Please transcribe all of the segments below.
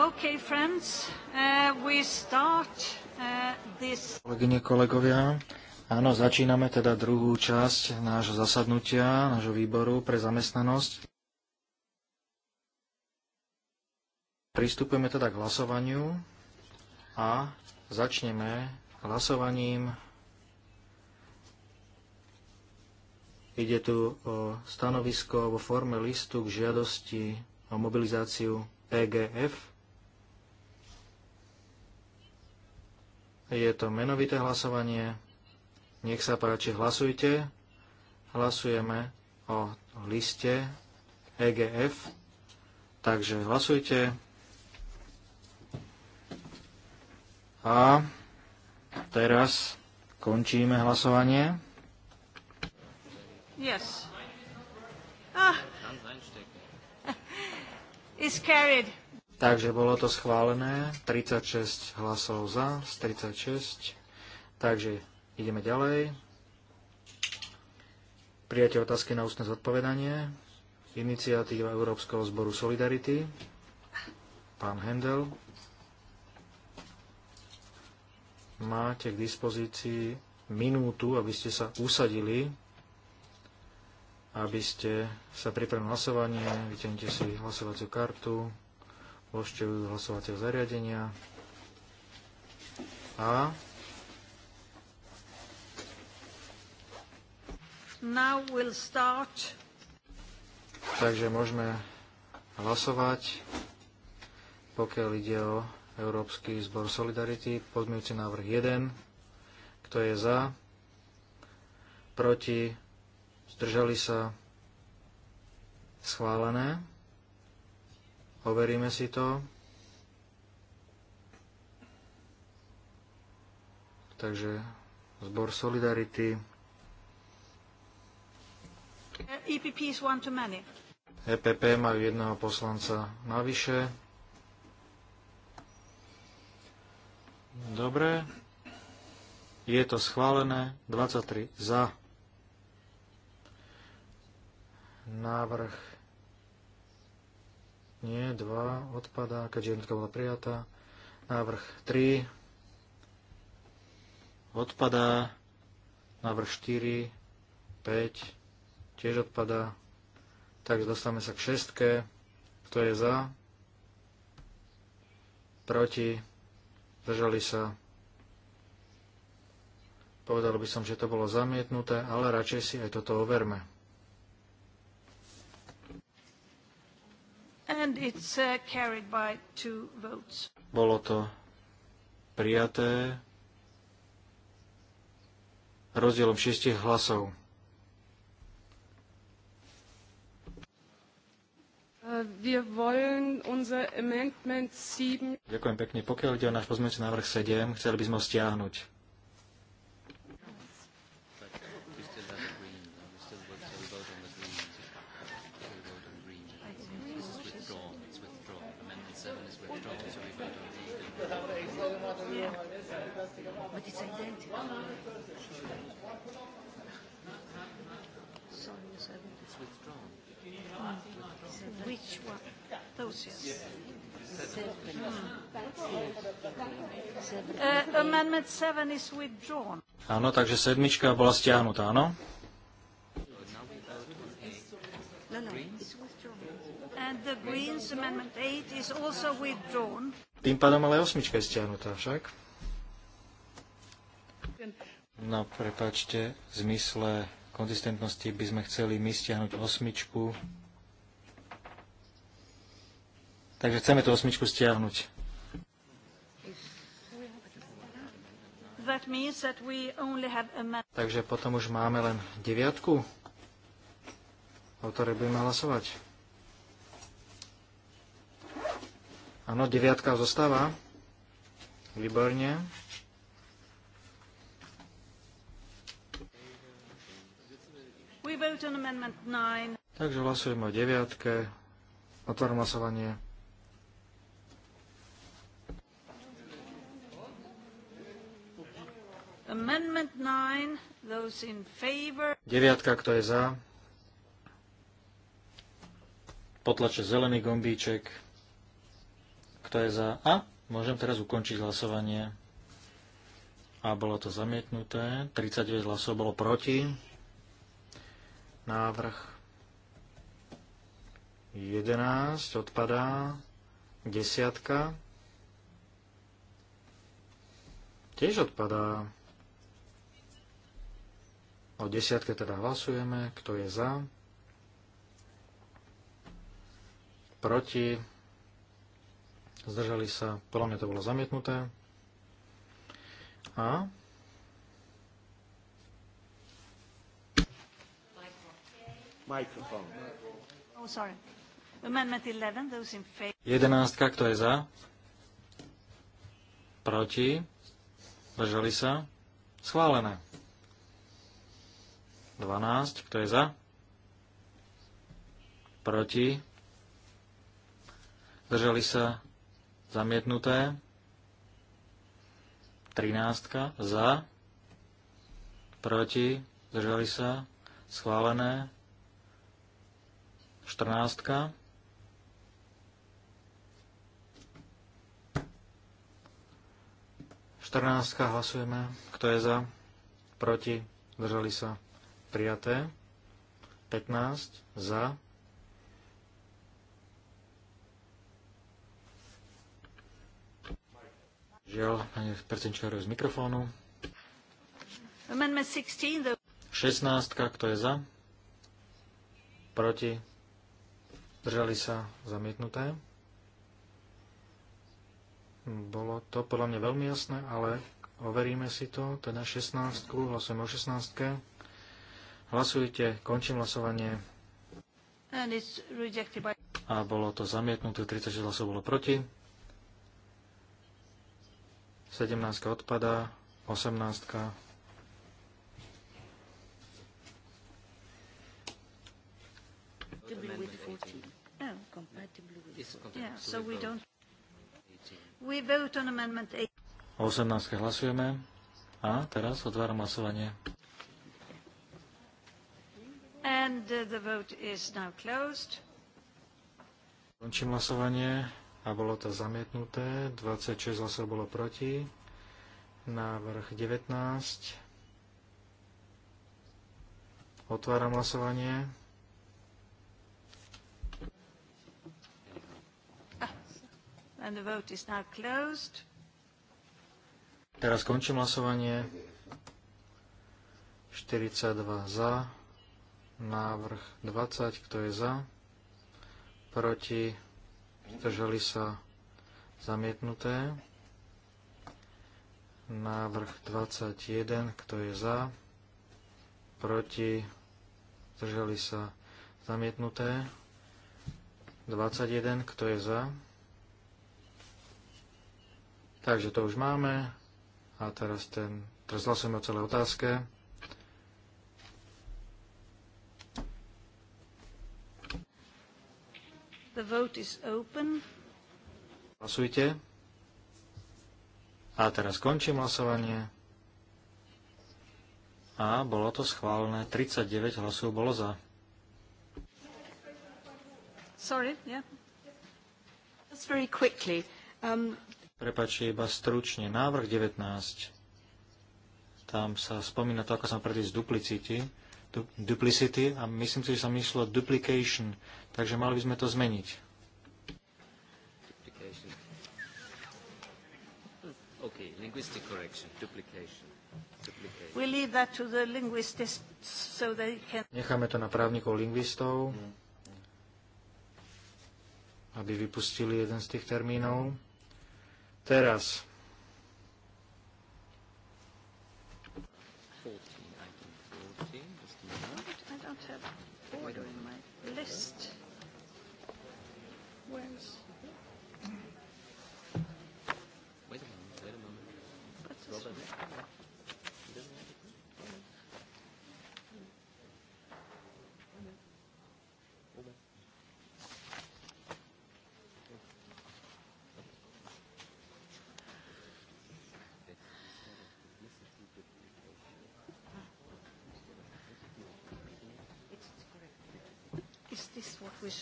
Okay, friends, uh, we start uh, this... Kolegyne, kolegovia, áno, začíname teda druhú časť nášho zasadnutia, nášho výboru pre zamestnanosť. Pristupujeme teda k hlasovaniu a začneme hlasovaním. Ide tu o stanovisko vo forme listu k žiadosti o mobilizáciu EGF Je to menovité hlasovanie. Nech sa páči, hlasujte. Hlasujeme o liste EGF. Takže hlasujte. A teraz končíme hlasovanie. Yes. Ah. Is carried. Takže bolo to schválené, 36 hlasov za, 36. Takže ideme ďalej. Prijatie otázky na ústne zodpovedanie. Iniciatíva Európskeho zboru Solidarity. Pán Hendel. Máte k dispozícii minútu, aby ste sa usadili, aby ste sa pripravili na hlasovanie, vyťahnite si hlasovaciu kartu, voštevujú hlasovacieho zariadenia a Now we'll start. Takže môžeme hlasovať, pokiaľ ide o Európsky zbor Solidarity, pozmiujúci návrh 1. Kto je za? Proti? Zdržali sa? Schválené. Overíme si to. Takže zbor Solidarity. EPP, EPP e majú jedného poslanca navyše. Dobre. Je to schválené. 23 za. Návrh nie, 2 odpadá, keďže jednotka bola prijatá. Návrh 3 odpada. Návrh 4, 5 tiež odpadá. Takže dostávame sa k šestke. Kto je za? Proti? držali sa? Povedal by som, že to bolo zamietnuté, ale radšej si aj toto overme. And it's uh, carried by two votes. Bolo to prijaté rozdielom šiestich hlasov. Äh, Ďakujem pekne. Pokiaľ ide o náš pozmeňujúci návrh 7, chceli by sme ho stiahnuť. Uh, áno, takže sedmička bola stiahnutá, áno? No, no, Tým pádom ale osmička je stiahnutá však. No, prepačte, v zmysle konzistentnosti by sme chceli my stiahnuť osmičku, Takže chceme tú osmičku stiahnuť. Takže potom už máme len deviatku, o ktorej budeme hlasovať. Áno, deviatka zostáva. Výborne. Takže hlasujeme o deviatke. Otvorím hlasovanie. Deviatka, kto je za? Potlače zelený gombíček. Kto je za? A môžem teraz ukončiť hlasovanie. A bolo to zamietnuté. 39 hlasov bolo proti. Návrh 11 odpadá. Desiatka. Tiež odpadá. O desiatke teda hlasujeme. Kto je za? Proti? Zdržali sa. Podľa mňa to bolo zamietnuté. A? Mikrofón. Oh, kto je za? Proti? zdržali sa? Schválené. 12. Kto je za? Proti? Zdržali sa? Zamietnuté? 13. Za? Proti? Zdržali sa? Schválené? 14. Štrnáctka hlasujeme. Kto je za? Proti? Zdržali sa? prijaté. 15 za, Žiaľ, pani predsednička z mikrofónu. 16, kto je za? Proti? Držali sa zamietnuté? Bolo to podľa mňa veľmi jasné, ale overíme si to, teda 16, hlasujeme o 16. Hlasujte, končím hlasovanie. A bolo to zamietnuté, 36 hlasov bolo proti. 17 odpadá, 18. O 18. hlasujeme. A teraz otváram hlasovanie. And uh, the vote is now closed. Končím hlasovanie a bolo to zamietnuté. 26 hlasov bolo proti. Návrh 19. Otváram hlasovanie. Ah, and the vote is now closed. Teraz končím hlasovanie. 42 za, Návrh 20, kto je za? Proti? Zdržali sa? Zamietnuté. Návrh 21, kto je za? Proti? Zdržali sa? Zamietnuté. 21, kto je za? Takže to už máme. A teraz, ten, teraz hlasujeme o celé otázke. The vote is open. Hlasujte. A teraz končím hlasovanie. A bolo to schválené. 39 hlasov bolo za. Sorry, yeah. Just very quickly. Um... Prepačte, iba stručne. Návrh 19. Tam sa spomína to, ako sa predísť duplicity du- duplicity a myslím si, že sa mi duplication, takže mali by sme to zmeniť. linguistic correction, duplication. We leave that to the linguists so they can... Necháme to na právnikov lingvistov, mm, mm. aby vypustili jeden z tých termínov. Teraz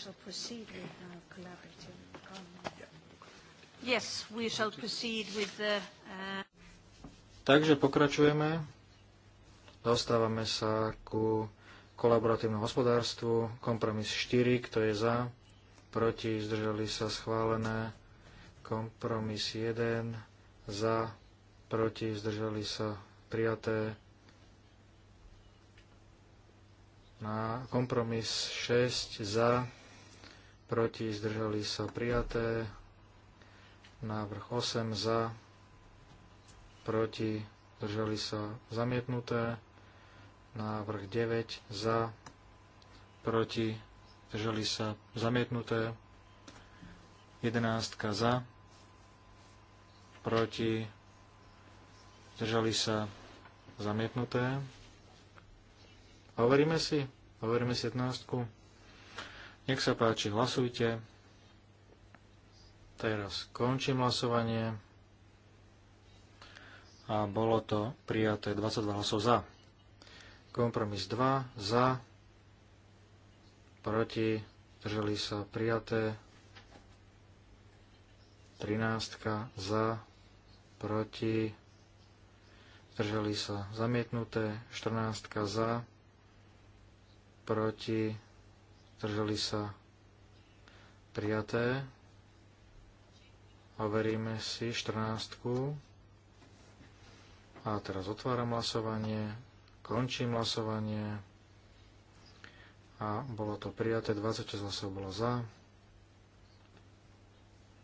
also proceed with our collaborative economy. Yes, we shall proceed with the... Uh, Takže pokračujeme. Dostávame sa ku kolaboratívnom hospodárstvu. Kompromis 4, kto je za, proti, zdržali sa schválené. Kompromis 1, za, proti, zdržali sa prijaté. Na kompromis 6, za, proti, zdržali sa prijaté. Návrh 8 za, proti, zdržali sa zamietnuté. Návrh 9 za, proti, zdržali sa zamietnuté. 11 za, proti, zdržali sa zamietnuté. Hovoríme si? Hovoríme si 11. Nech sa páči, hlasujte. Teraz končím hlasovanie. A bolo to prijaté 22 hlasov za. Kompromis 2 za, proti, držali sa prijaté 13 za, proti, držali sa zamietnuté 14 za, proti, zdržali sa prijaté. Overíme si 14. A teraz otváram hlasovanie, končím hlasovanie a bolo to prijaté, 26 hlasov bolo za.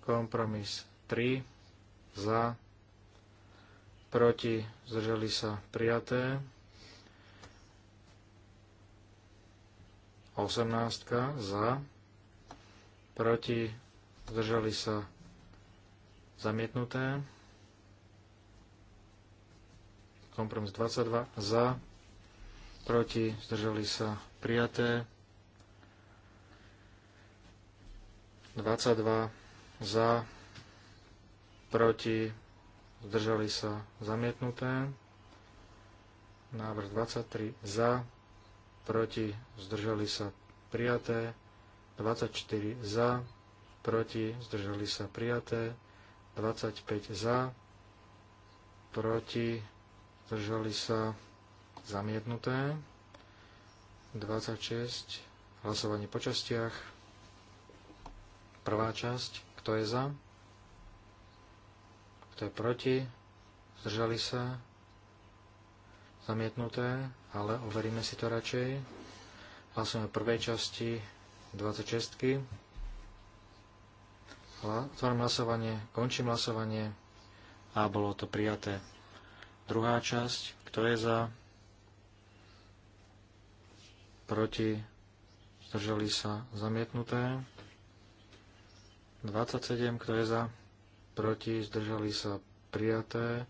Kompromis 3 za, proti zdržali sa prijaté. 18 za, proti, zdržali sa zamietnuté. Kompromis 22 za, proti, zdržali sa prijaté. 22 za, proti, zdržali sa zamietnuté. Návrh 23 za, proti, zdržali sa prijaté, 24 za, proti, zdržali sa prijaté, 25 za, proti, zdržali sa zamietnuté, 26, hlasovanie po častiach, prvá časť, kto je za, kto je proti, zdržali sa, zamietnuté, ale overíme si to radšej. Hlasujeme v prvej časti 26. -ky. hlasovanie, končím hlasovanie a bolo to prijaté. Druhá časť, kto je za, proti, zdržali sa zamietnuté. 27, kto je za, proti, zdržali sa prijaté.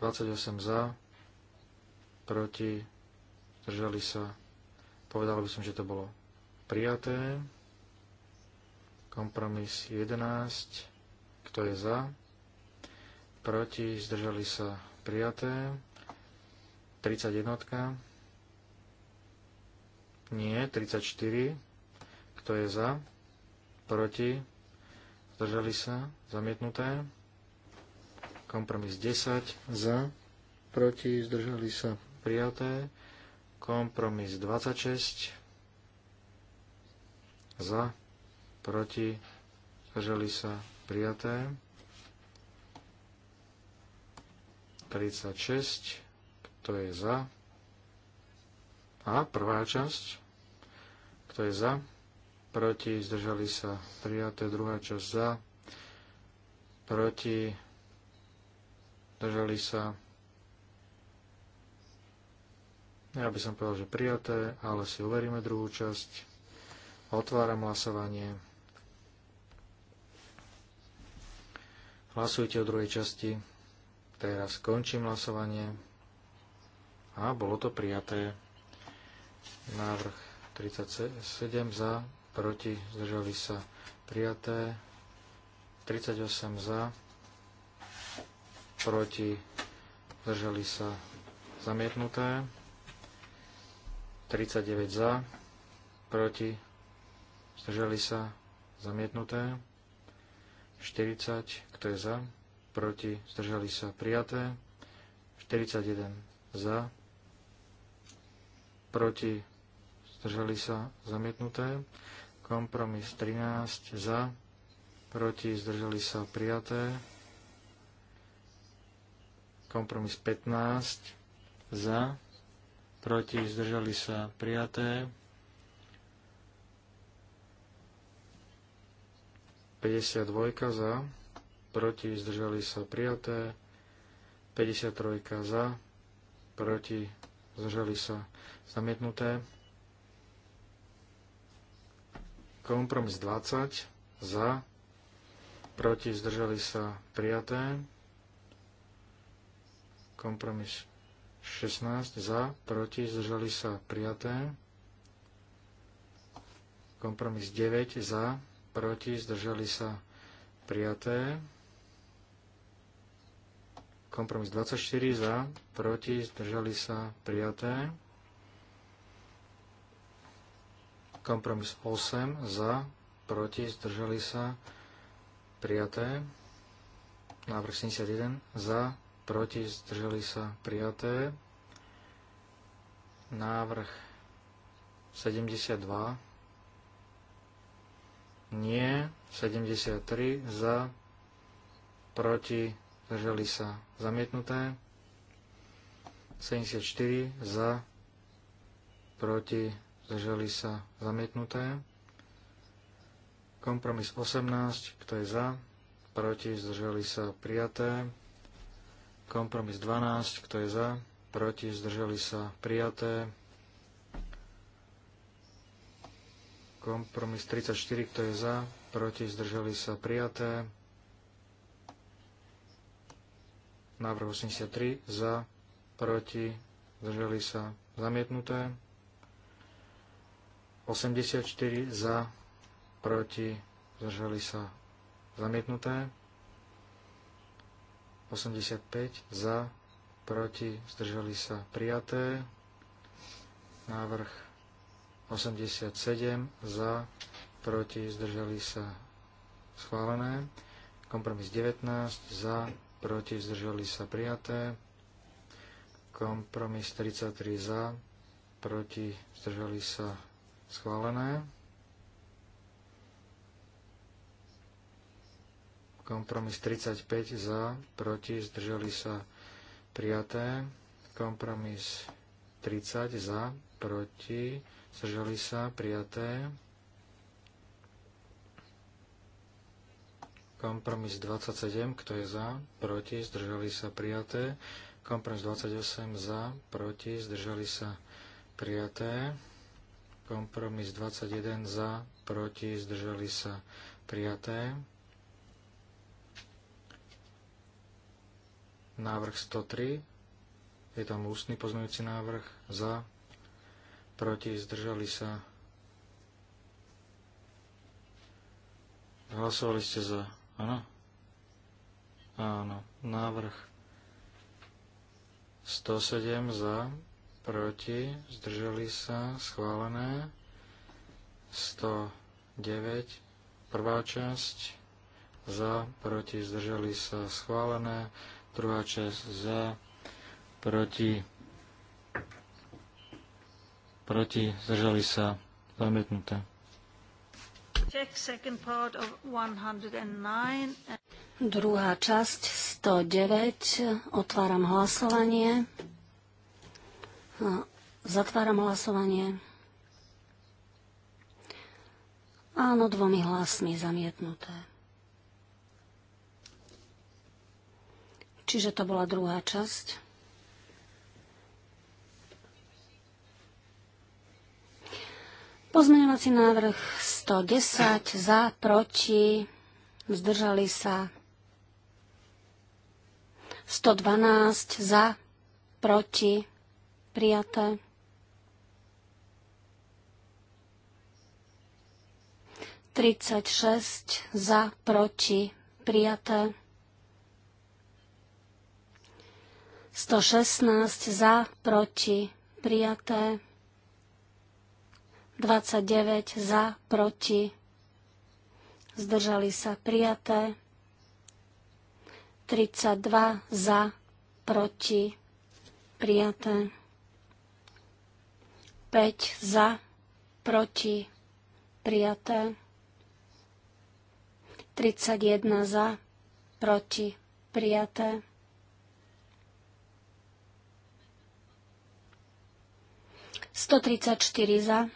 28 za, proti, zdržali sa. Povedal by som, že to bolo prijaté. Kompromis 11, kto je za, proti, zdržali sa, prijaté. 31, nie, 34, kto je za, proti, zdržali sa, zamietnuté. Kompromis 10, za, proti, zdržali sa, prijaté. Kompromis 26 za, proti, zdržali sa prijaté. 36, kto je za? A prvá časť, kto je za? Proti, zdržali sa prijaté. Druhá časť za, proti, zdržali sa prijaté Ja by som povedal, že prijaté, ale si overíme druhú časť. Otváram hlasovanie. Hlasujte o druhej časti. Teraz končím hlasovanie. A bolo to prijaté. Návrh 37 za, proti, zdržali sa prijaté. 38 za, proti, zdržali sa zamietnuté. 39 za, proti, zdržali sa, zamietnuté. 40, kto je za, proti, zdržali sa, prijaté. 41 za, proti, zdržali sa, zamietnuté. Kompromis 13 za, proti, zdržali sa, prijaté. Kompromis 15 za, proti, zdržali sa prijaté. 52 za, proti, zdržali sa prijaté. 53 za, proti, zdržali sa zamietnuté. Kompromis 20 za, proti, zdržali sa prijaté. Kompromis 16 za, proti, zdržali sa prijaté. Kompromis 9 za, proti, zdržali sa prijaté. Kompromis 24 za, proti, zdržali sa prijaté. Kompromis 8 za, proti, zdržali sa prijaté. Návrh 71 za, proti, zdržali sa prijaté. Návrh 72, nie, 73, za, proti, zdrželi sa zamietnuté. 74, za, proti, zdržali sa zamietnuté. Kompromis 18, kto je za, proti, zdržali sa prijaté. Kompromis 12, kto je za, proti, zdržali sa, prijaté. Kompromis 34, kto je za, proti, zdržali sa, prijaté. Návrh 83, za, proti, zdržali sa, zamietnuté. 84 za, proti, zdržali sa, zamietnuté. 85 za, proti, zdržali sa prijaté. Návrh 87 za, proti, zdržali sa schválené. Kompromis 19 za, proti, zdržali sa prijaté. Kompromis 33 za, proti, zdržali sa schválené. Kompromis 35 za, proti, zdržali sa prijaté. Kompromis 30 za, proti, zdržali sa prijaté. Kompromis 27, kto je za, proti, zdržali sa prijaté. Kompromis 28 za, proti, zdržali sa prijaté. Kompromis 21 za, proti, zdržali sa prijaté. Návrh 103. Je tam ústny pozmeňujúci návrh. Za. Proti. Zdržali sa. Hlasovali ste za. Áno? Áno. Návrh 107 za. Proti. Zdržali sa. Schválené. 109. Prvá časť za, proti, zdržali sa, schválené. Druhá časť za, proti, proti, zdržali sa, zamietnuté. Druhá časť 109. Otváram hlasovanie. Zatváram hlasovanie. Áno, dvomi hlasmi zamietnuté. Čiže to bola druhá časť. Pozmeňovací návrh 110 za, proti, zdržali sa 112 za, proti, prijaté. Tridsať šesť za, proti, prijaté. 116 za, proti, prijaté. 29 za, proti, zdržali sa prijaté. 32 za, proti, prijaté. 5 za, proti, prijaté. 31 za, proti, prijaté. 134 za.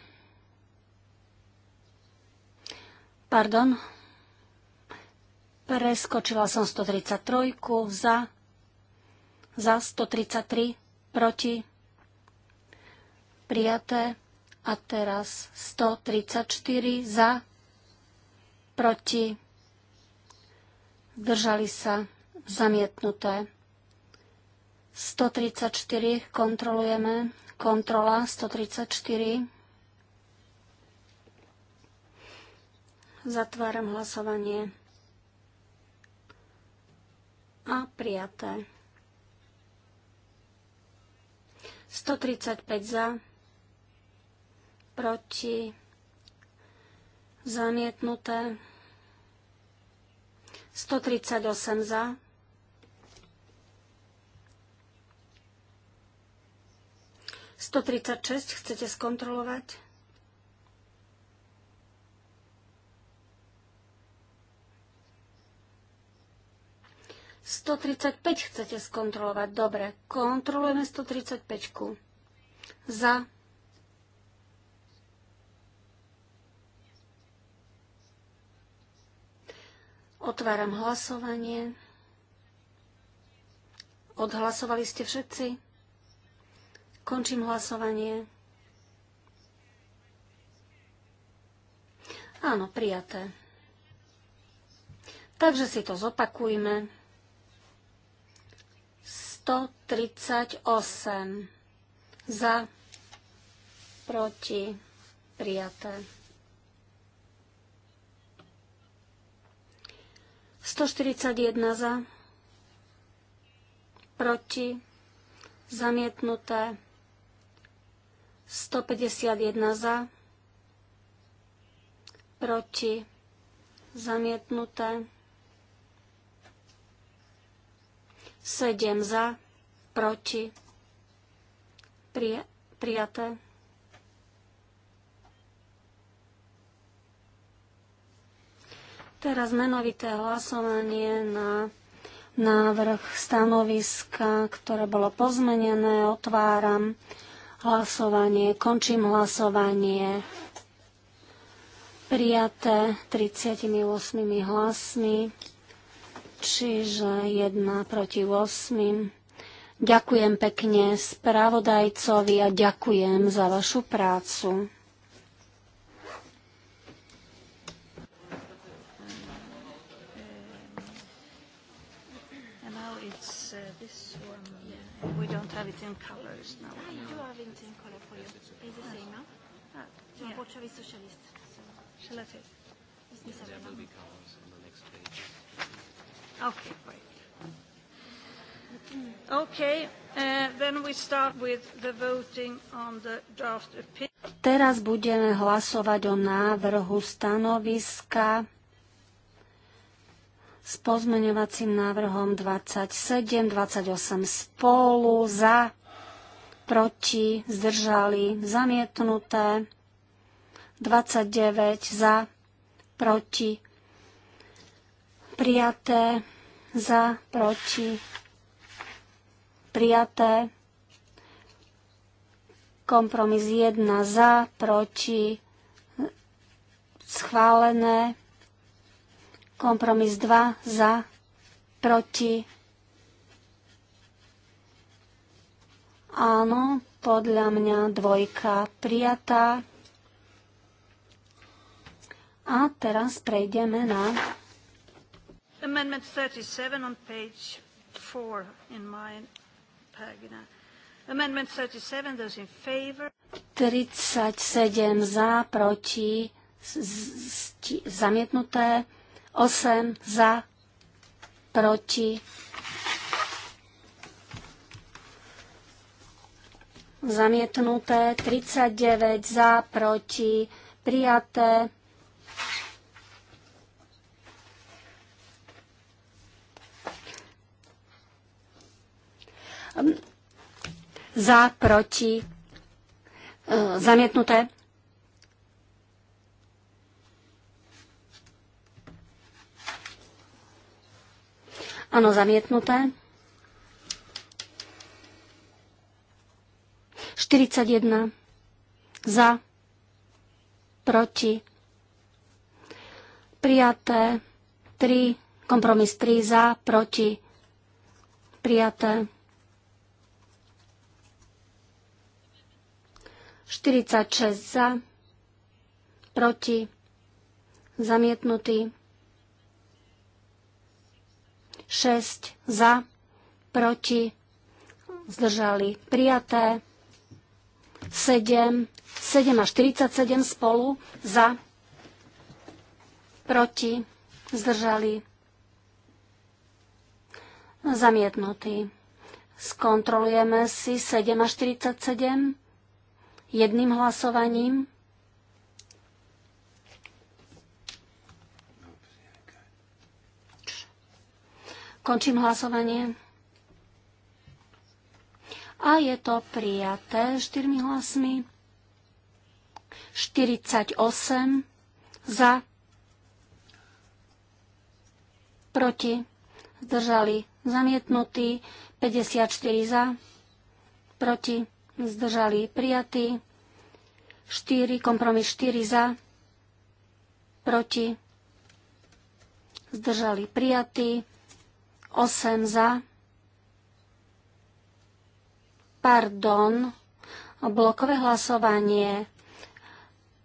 Pardon. Preskočila som 133 za. Za 133 proti. Prijaté. A teraz 134 za. Proti. Držali sa zamietnuté. 134 kontrolujeme. Kontrola 134. Zatváram hlasovanie. A prijaté. 135 za, proti, zamietnuté. 138 za, 136 chcete skontrolovať? Sto tridsať päť chcete skontrolovať. Dobre, kontrolujeme sto tridsať päťku. Za. Otváram hlasovanie. Odhlasovali ste všetci? Končím hlasovanie. Áno, prijaté. Takže si to zopakujme. 138 za, proti, prijaté. 141 za, proti, zamietnuté. 151 za, proti, zamietnuté, 7 za, proti, prijaté. Teraz menovité hlasovanie na návrh stanoviska, ktoré bolo pozmenené. Otváram hlasovanie, končím hlasovanie. Prijaté 38 hlasmi, čiže 1 proti 8. Ďakujem pekne spravodajcovi a ďakujem za vašu prácu. Uh, we don't have it in color. socialist. there will be columns on the next page. Okay, great. Okay, eh, then we start with the voting on the draft opinion. Teraz budeme hlasovať o návrhu stanoviska s pozmeňovacím návrhom 27, 28 spolu, za, proti, zdržali, zamietnuté. 29 za, proti, prijaté, za, proti, prijaté, kompromis 1 za, proti, schválené, kompromis 2 za, proti, áno, podľa mňa dvojka prijatá, a teraz prejdeme na Amendment 37 on page 4 in my pagina. Amendment 37, those in favor. 37 za, proti, zamietnuté. 8 za, proti. Zamietnuté. 39 za, proti, prijaté. za, proti, e, zamietnuté. Áno, zamietnuté. 41 za, proti, prijaté, 3, kompromis 3 za, proti, prijaté. 46 za, proti, zamietnutý. 6 za, proti, zdržali prijaté. 7, 7 a 47 spolu za, proti, zdržali zamietnutý. Skontrolujeme si 7 a 47 jedným hlasovaním. Končím hlasovanie. A je to prijaté 4 hlasmi. 48 za, proti, zdržali zamietnutí, 54 za, proti, zdržali prijatí, 4, kompromis 4 za, proti, zdržali prijatí, 8 za, pardon, blokové hlasovanie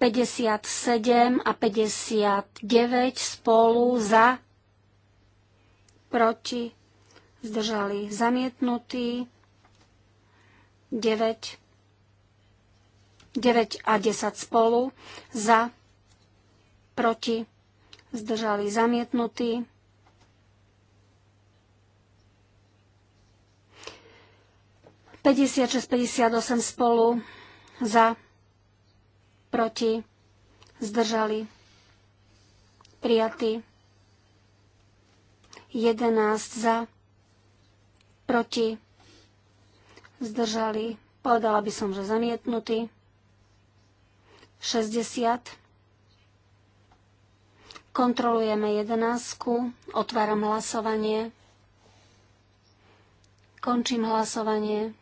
57 a 59 spolu za, proti, zdržali zamietnutí, 9, 9 a 10 spolu za, proti, zdržali zamietnutí. Päťdesiat šesť, päťdesiat osem spolu za, proti, zdržali, prijatí. 11 za, proti, zdržali, povedala by som, že zamietnutý. 60. Kontrolujeme 11. Otváram hlasovanie. Končím hlasovanie.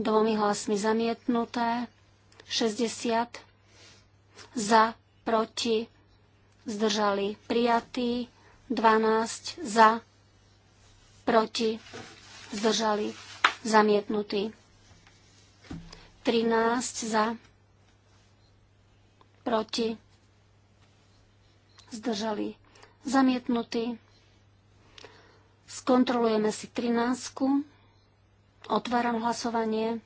Dvomi hlasmi zamietnuté. 60. Za, proti, zdržali prijatí. 12. Za, proti, zdržali, zamietnutý. 13 za, proti, zdržali, zamietnutý. Skontrolujeme si 13. -ku. Otváram hlasovanie.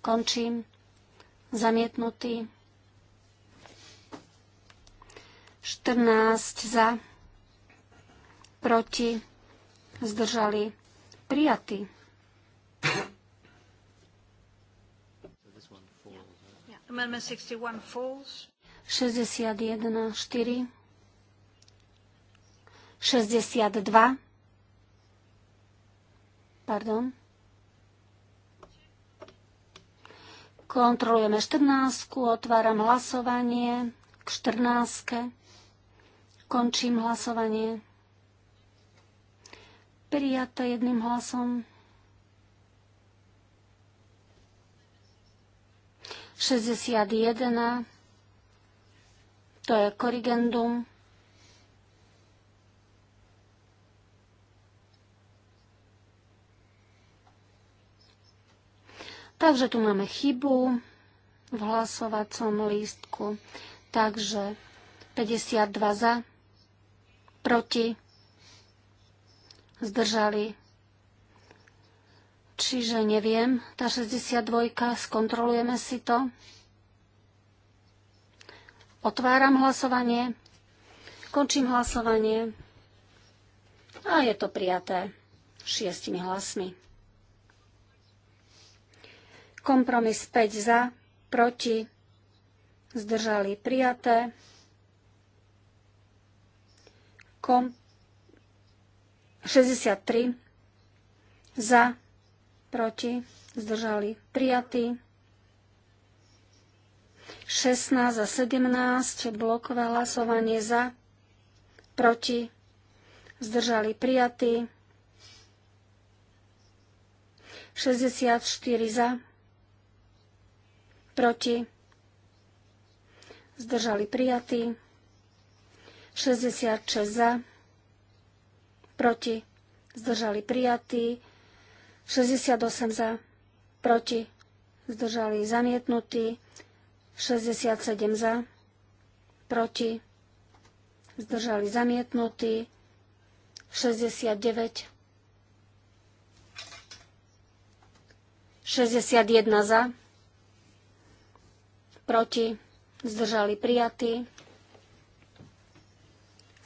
Končím. Zamietnutý. 14 za, proti, zdržali, prijatí. Amendment 61 falls. 61, 4. 62. Pardon. Kontrolujeme 14, otváram hlasovanie k 14. Končím hlasovanie. Prijaté jedným hlasom. 61. To je korigendum. Takže tu máme chybu v hlasovacom lístku. Takže 52 za, proti zdržali. Čiže neviem, tá 62, skontrolujeme si to. Otváram hlasovanie, končím hlasovanie a je to prijaté šiestimi hlasmi. Kompromis 5 za, proti, zdržali prijaté. Kompromis 63 za, proti, zdržali prijatí. 16 za 17 blokové hlasovanie za, proti, zdržali prijatí. 64 za, proti, zdržali prijatí. 66 za, proti, zdržali prijatí, 68 za, proti, zdržali zamietnutí, 67 za, proti, zdržali zamietnutí, 69, 61 za, proti, zdržali prijatí,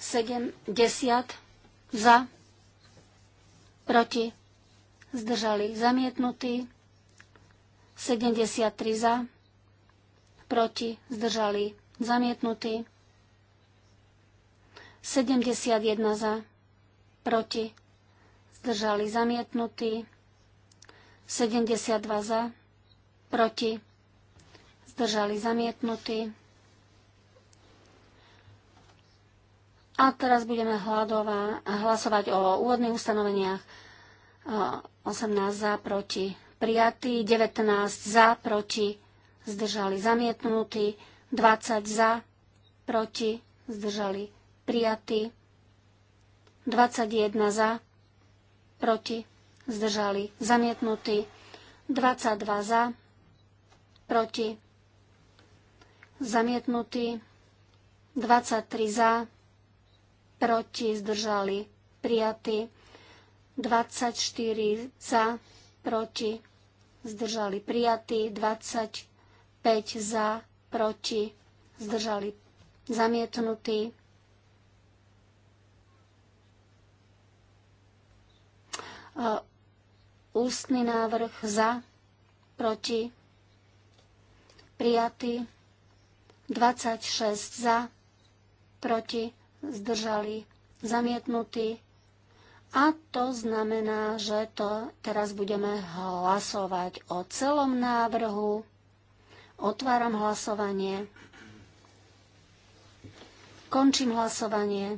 70 za, proti, zdržali zamietnutí, 73 za, proti, zdržali zamietnutí, 71 za, proti, zdržali zamietnutí, 72 za, proti, zdržali zamietnutí, A teraz budeme hlasovať o úvodných ustanoveniach. 18 za, proti, prijatý. 19 za, proti, zdržali, zamietnutý. 20 za, proti, zdržali, prijatý. 21 za, proti, zdržali, zamietnutý. 22 za, proti, zamietnutý. 23 za, proti, zdržali, prijatí. 24 za, proti, zdržali, prijatí. 25 za, proti, zdržali, zamietnutí. E, ústny návrh za, proti, prijatý, 26 za, proti, zdržali, zamietnutí, A to znamená, že to teraz budeme hlasovať o celom návrhu. Otváram hlasovanie. Končím hlasovanie.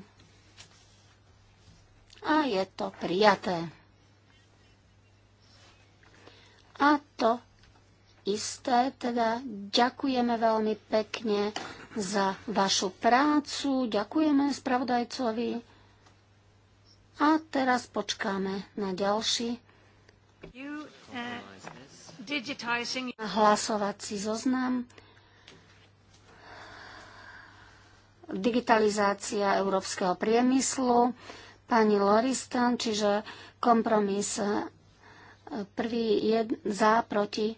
A je to prijaté. A to isté, teda ďakujeme veľmi pekne za vašu prácu. Ďakujeme spravodajcovi. A teraz počkáme na ďalší uh, hlasovací zoznam. Digitalizácia európskeho priemyslu. Pani Loristan, čiže kompromis eh, prvý jed, za, proti,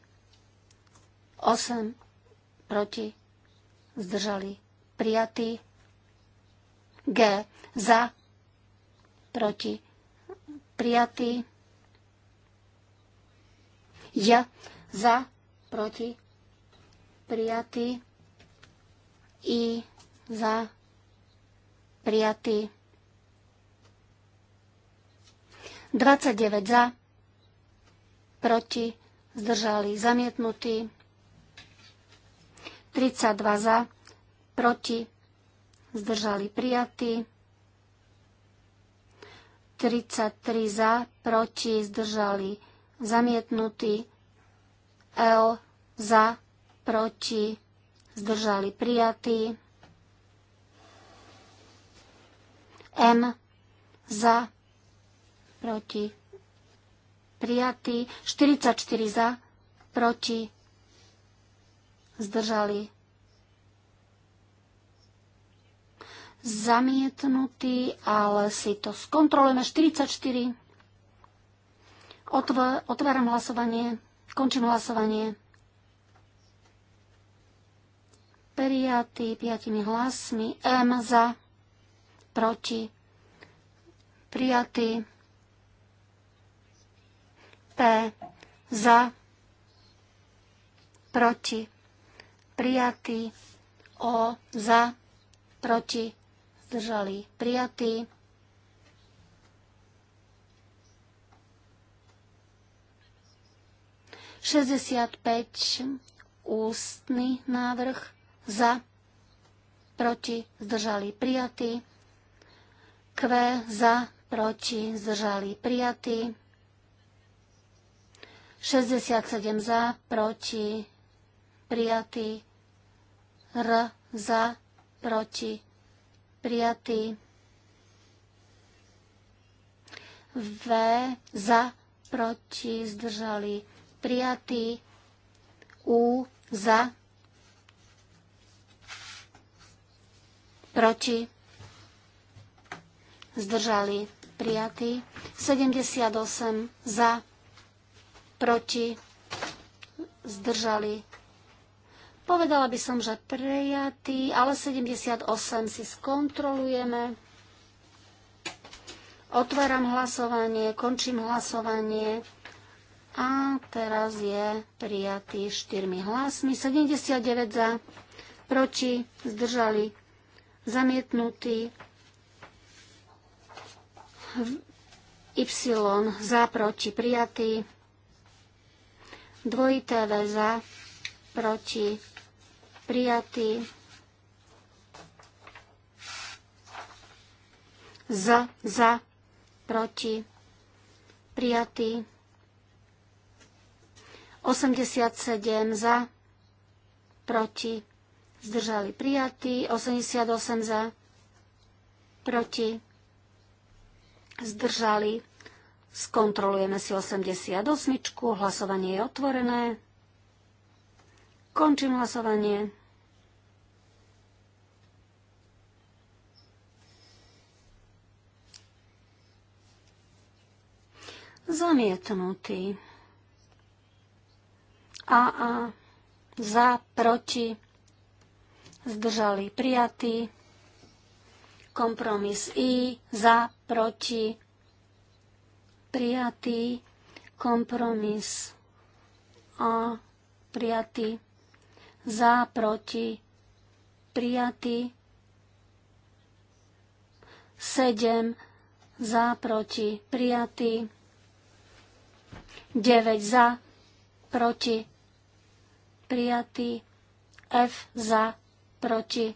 8 proti zdržali prijatý. G za, proti prijatý. J za, proti prijatý. I za, prijatý. 29 za, proti, zdržali, zamietnutý. 32 za, proti, zdržali prijatí. 33 za, proti, zdržali zamietnutí. L za, proti, zdržali prijatí. M za, proti, prijatý, 44 za, proti, zdržali zamietnutý, ale si to skontrolujeme. 44. Otv- otváram hlasovanie. Končím hlasovanie. Prijatý piatimi hlasmi. M za. Proti. Prijatý. P za. Proti prijatý, O za, proti, zdržali, prijatý. Šesťdesiat päť ústny návrh za, proti, zdržali, prijatý. Q za, proti, zdržali, prijatý. 67 za, proti, prijatý. R za, proti, prijatý. V za, proti, zdržali, prijatý. U za, proti, zdržali, prijatý. 78 za, proti, zdržali, Povedala by som, že prejatý, ale 78 si skontrolujeme. Otváram hlasovanie, končím hlasovanie. A teraz je prijatý 4 hlasmi. 79 za, proti, zdržali, zamietnutý. Y za, proti, prijatý. Dvojité V za, proti, prijatý. Z, za, proti, prijatý. 87 za, proti, zdržali prijatý. 88 za, proti, zdržali. Skontrolujeme si 88. Hlasovanie je otvorené. Končím hlasovanie. Zamietnutý. A za, proti, zdržali prijatý. Kompromis I za, proti, prijatý. Kompromis A prijatý za, proti, prijatý. sedem, za, proti, prijatý. 9 za, proti, prijatý. F za, proti,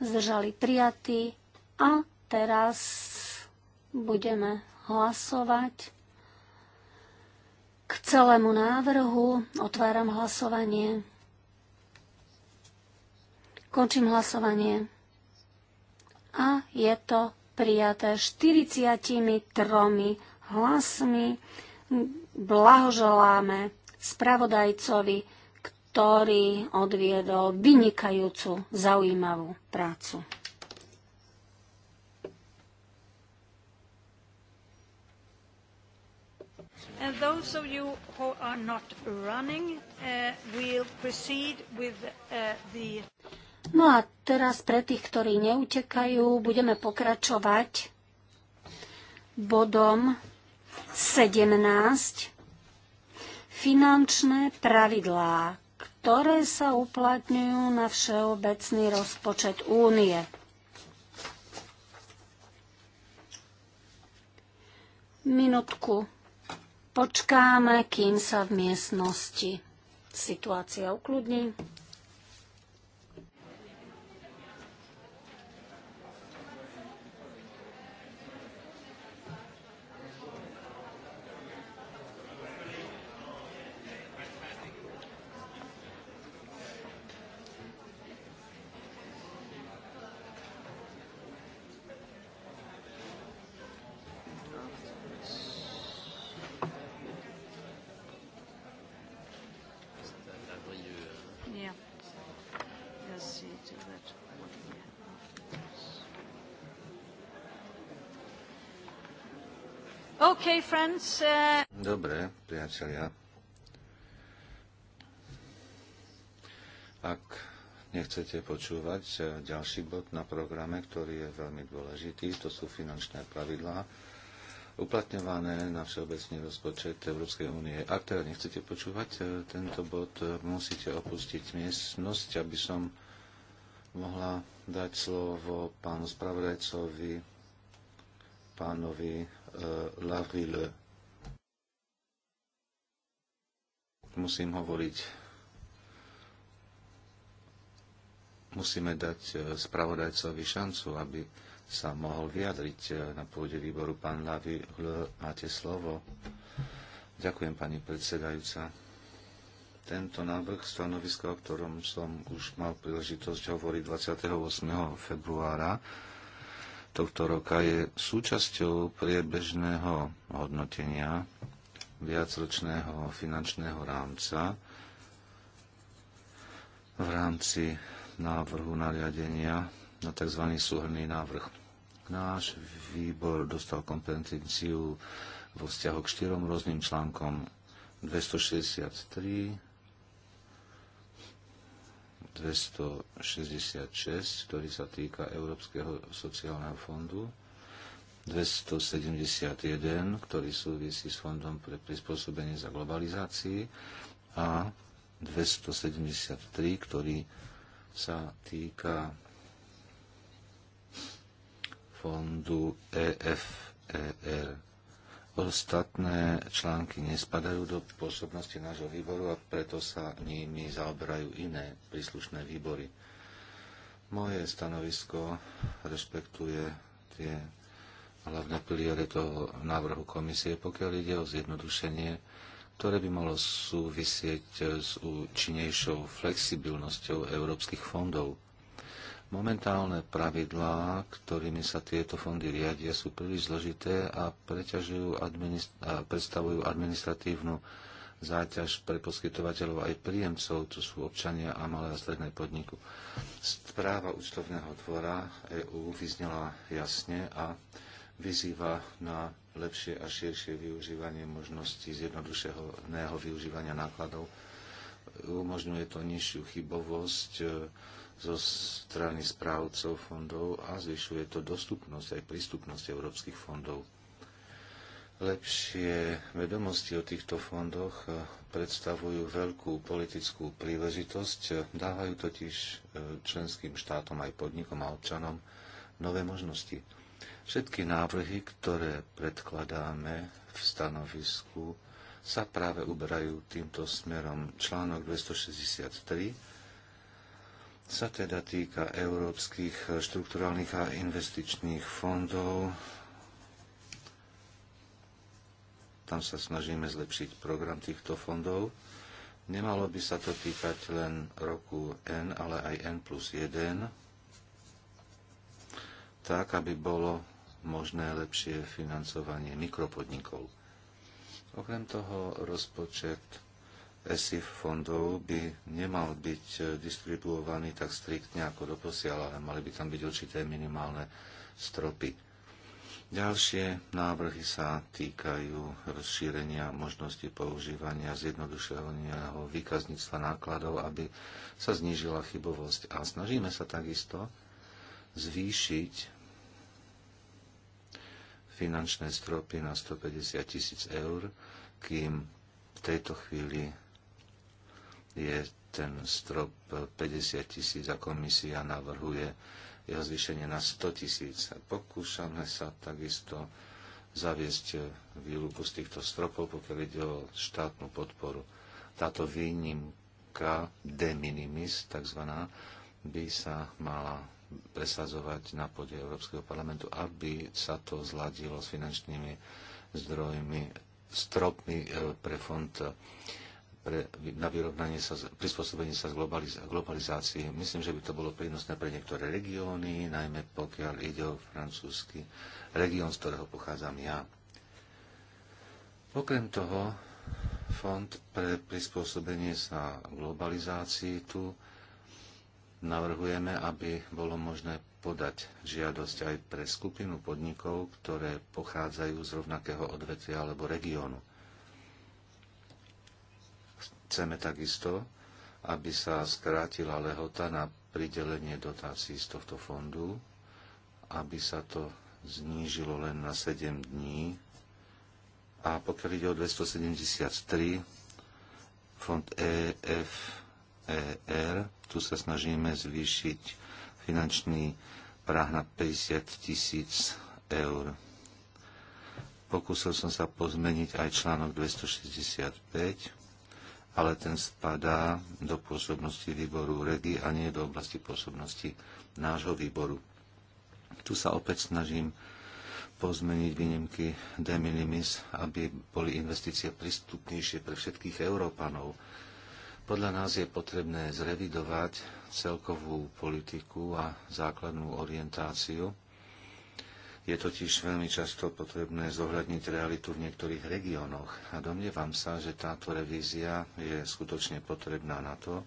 zdržali prijatý. A teraz budeme hlasovať k celému návrhu. Otváram hlasovanie. Končím hlasovanie. A je to prijaté 43 hlasmi. Blahoželáme spravodajcovi, ktorý odviedol vynikajúcu, zaujímavú prácu. And those of you who are not running, uh, we'll proceed with uh, the No a teraz pre tých, ktorí neutekajú, budeme pokračovať bodom 17. Finančné pravidlá, ktoré sa uplatňujú na všeobecný rozpočet únie. Minutku počkáme, kým sa v miestnosti situácia ukludní. Okay, friends, uh... Dobre, priatelia. Ak nechcete počúvať eh, ďalší bod na programe, ktorý je veľmi dôležitý, to sú finančné pravidlá uplatňované na všeobecný rozpočet Európskej únie. Ak teda nechcete počúvať eh, tento bod, eh, musíte opustiť miestnosť, aby som mohla dať slovo pánu spravodajcovi, pánovi uh, e, Lavrille. Musím hovoriť, musíme dať e, spravodajcovi šancu, aby sa mohol vyjadriť e, na pôde výboru. Pán Laville, máte slovo. Ďakujem, pani predsedajúca tento návrh stanoviska, o ktorom som už mal príležitosť hovoriť 28. februára tohto roka, je súčasťou priebežného hodnotenia viacročného finančného rámca v rámci návrhu nariadenia na tzv. súhrný návrh. Náš výbor dostal kompetenciu vo vzťahu k štyrom rôznym článkom 263, 266, ktorý sa týka Európskeho sociálneho fondu, 271, ktorý súvisí s Fondom pre prispôsobenie za globalizácii a 273, ktorý sa týka fondu EFER. Ostatné články nespadajú do pôsobnosti nášho výboru a preto sa nimi zaoberajú iné príslušné výbory. Moje stanovisko rešpektuje tie hlavné piliere toho návrhu komisie, pokiaľ ide o zjednodušenie, ktoré by malo súvisieť s účinnejšou flexibilnosťou európskych fondov. Momentálne pravidlá, ktorými sa tieto fondy riadia, sú príliš zložité a preťažujú administ- a predstavujú administratívnu záťaž pre poskytovateľov aj príjemcov, to sú občania a malé a stredné podniku. Správa účtovného dvora EÚ vyznela jasne a vyzýva na lepšie a širšie využívanie možností zjednodušeného využívania nákladov. Umožňuje to nižšiu chybovosť, zo strany správcov fondov a zvyšuje to dostupnosť aj prístupnosť európskych fondov. Lepšie vedomosti o týchto fondoch eh, predstavujú veľkú politickú príležitosť, dávajú totiž eh, členským štátom aj podnikom a občanom nové možnosti. Všetky návrhy, ktoré predkladáme v stanovisku, sa práve uberajú týmto smerom. Článok 263 sa teda týka európskych štrukturálnych a investičných fondov. Tam sa snažíme zlepšiť program týchto fondov. Nemalo by sa to týkať len roku N, ale aj N plus 1, tak, aby bolo možné lepšie financovanie mikropodnikov. Okrem toho rozpočet ESIF fondov by nemal byť e, distribuovaný tak striktne ako doposiaľ, ale mali by tam byť určité minimálne stropy. Ďalšie návrhy sa týkajú rozšírenia možnosti používania zjednodušeného výkazníctva nákladov, aby sa znížila chybovosť. A snažíme sa takisto zvýšiť finančné stropy na 150 tisíc eur, kým v tejto chvíli je ten strop 50 tisíc a komisia navrhuje jeho zvýšenie na 100 tisíc. Pokúšame sa takisto zaviesť výluku z týchto stropov, pokiaľ ide o štátnu podporu. Táto výnimka de minimis, tzv., by sa mala presadzovať na pôde Európskeho parlamentu, aby sa to zladilo s finančnými zdrojmi, stropmi e, pre fond pre, na vyrovnanie sa, prispôsobenie sa globaliz- globalizácii. Myslím, že by to bolo prínosné pre niektoré regióny, najmä pokiaľ ide o francúzsky región, z ktorého pochádzam ja. Okrem toho, Fond pre prispôsobenie sa globalizácii tu navrhujeme, aby bolo možné podať žiadosť aj pre skupinu podnikov, ktoré pochádzajú z rovnakého odvetvia alebo regiónu. Chceme takisto, aby sa skrátila lehota na pridelenie dotácií z tohto fondu, aby sa to znížilo len na 7 dní. A pokiaľ ide o 273, fond EFER, tu sa snažíme zvýšiť finančný práh na 50 tisíc eur. Pokúsil som sa pozmeniť aj článok 265 ale ten spadá do pôsobnosti výboru REGI a nie do oblasti pôsobnosti nášho výboru. Tu sa opäť snažím pozmeniť výnimky de minimis, aby boli investície prístupnejšie pre všetkých Európanov. Podľa nás je potrebné zrevidovať celkovú politiku a základnú orientáciu je totiž veľmi často potrebné zohľadniť realitu v niektorých regiónoch a domnievam sa, že táto revízia je skutočne potrebná na to,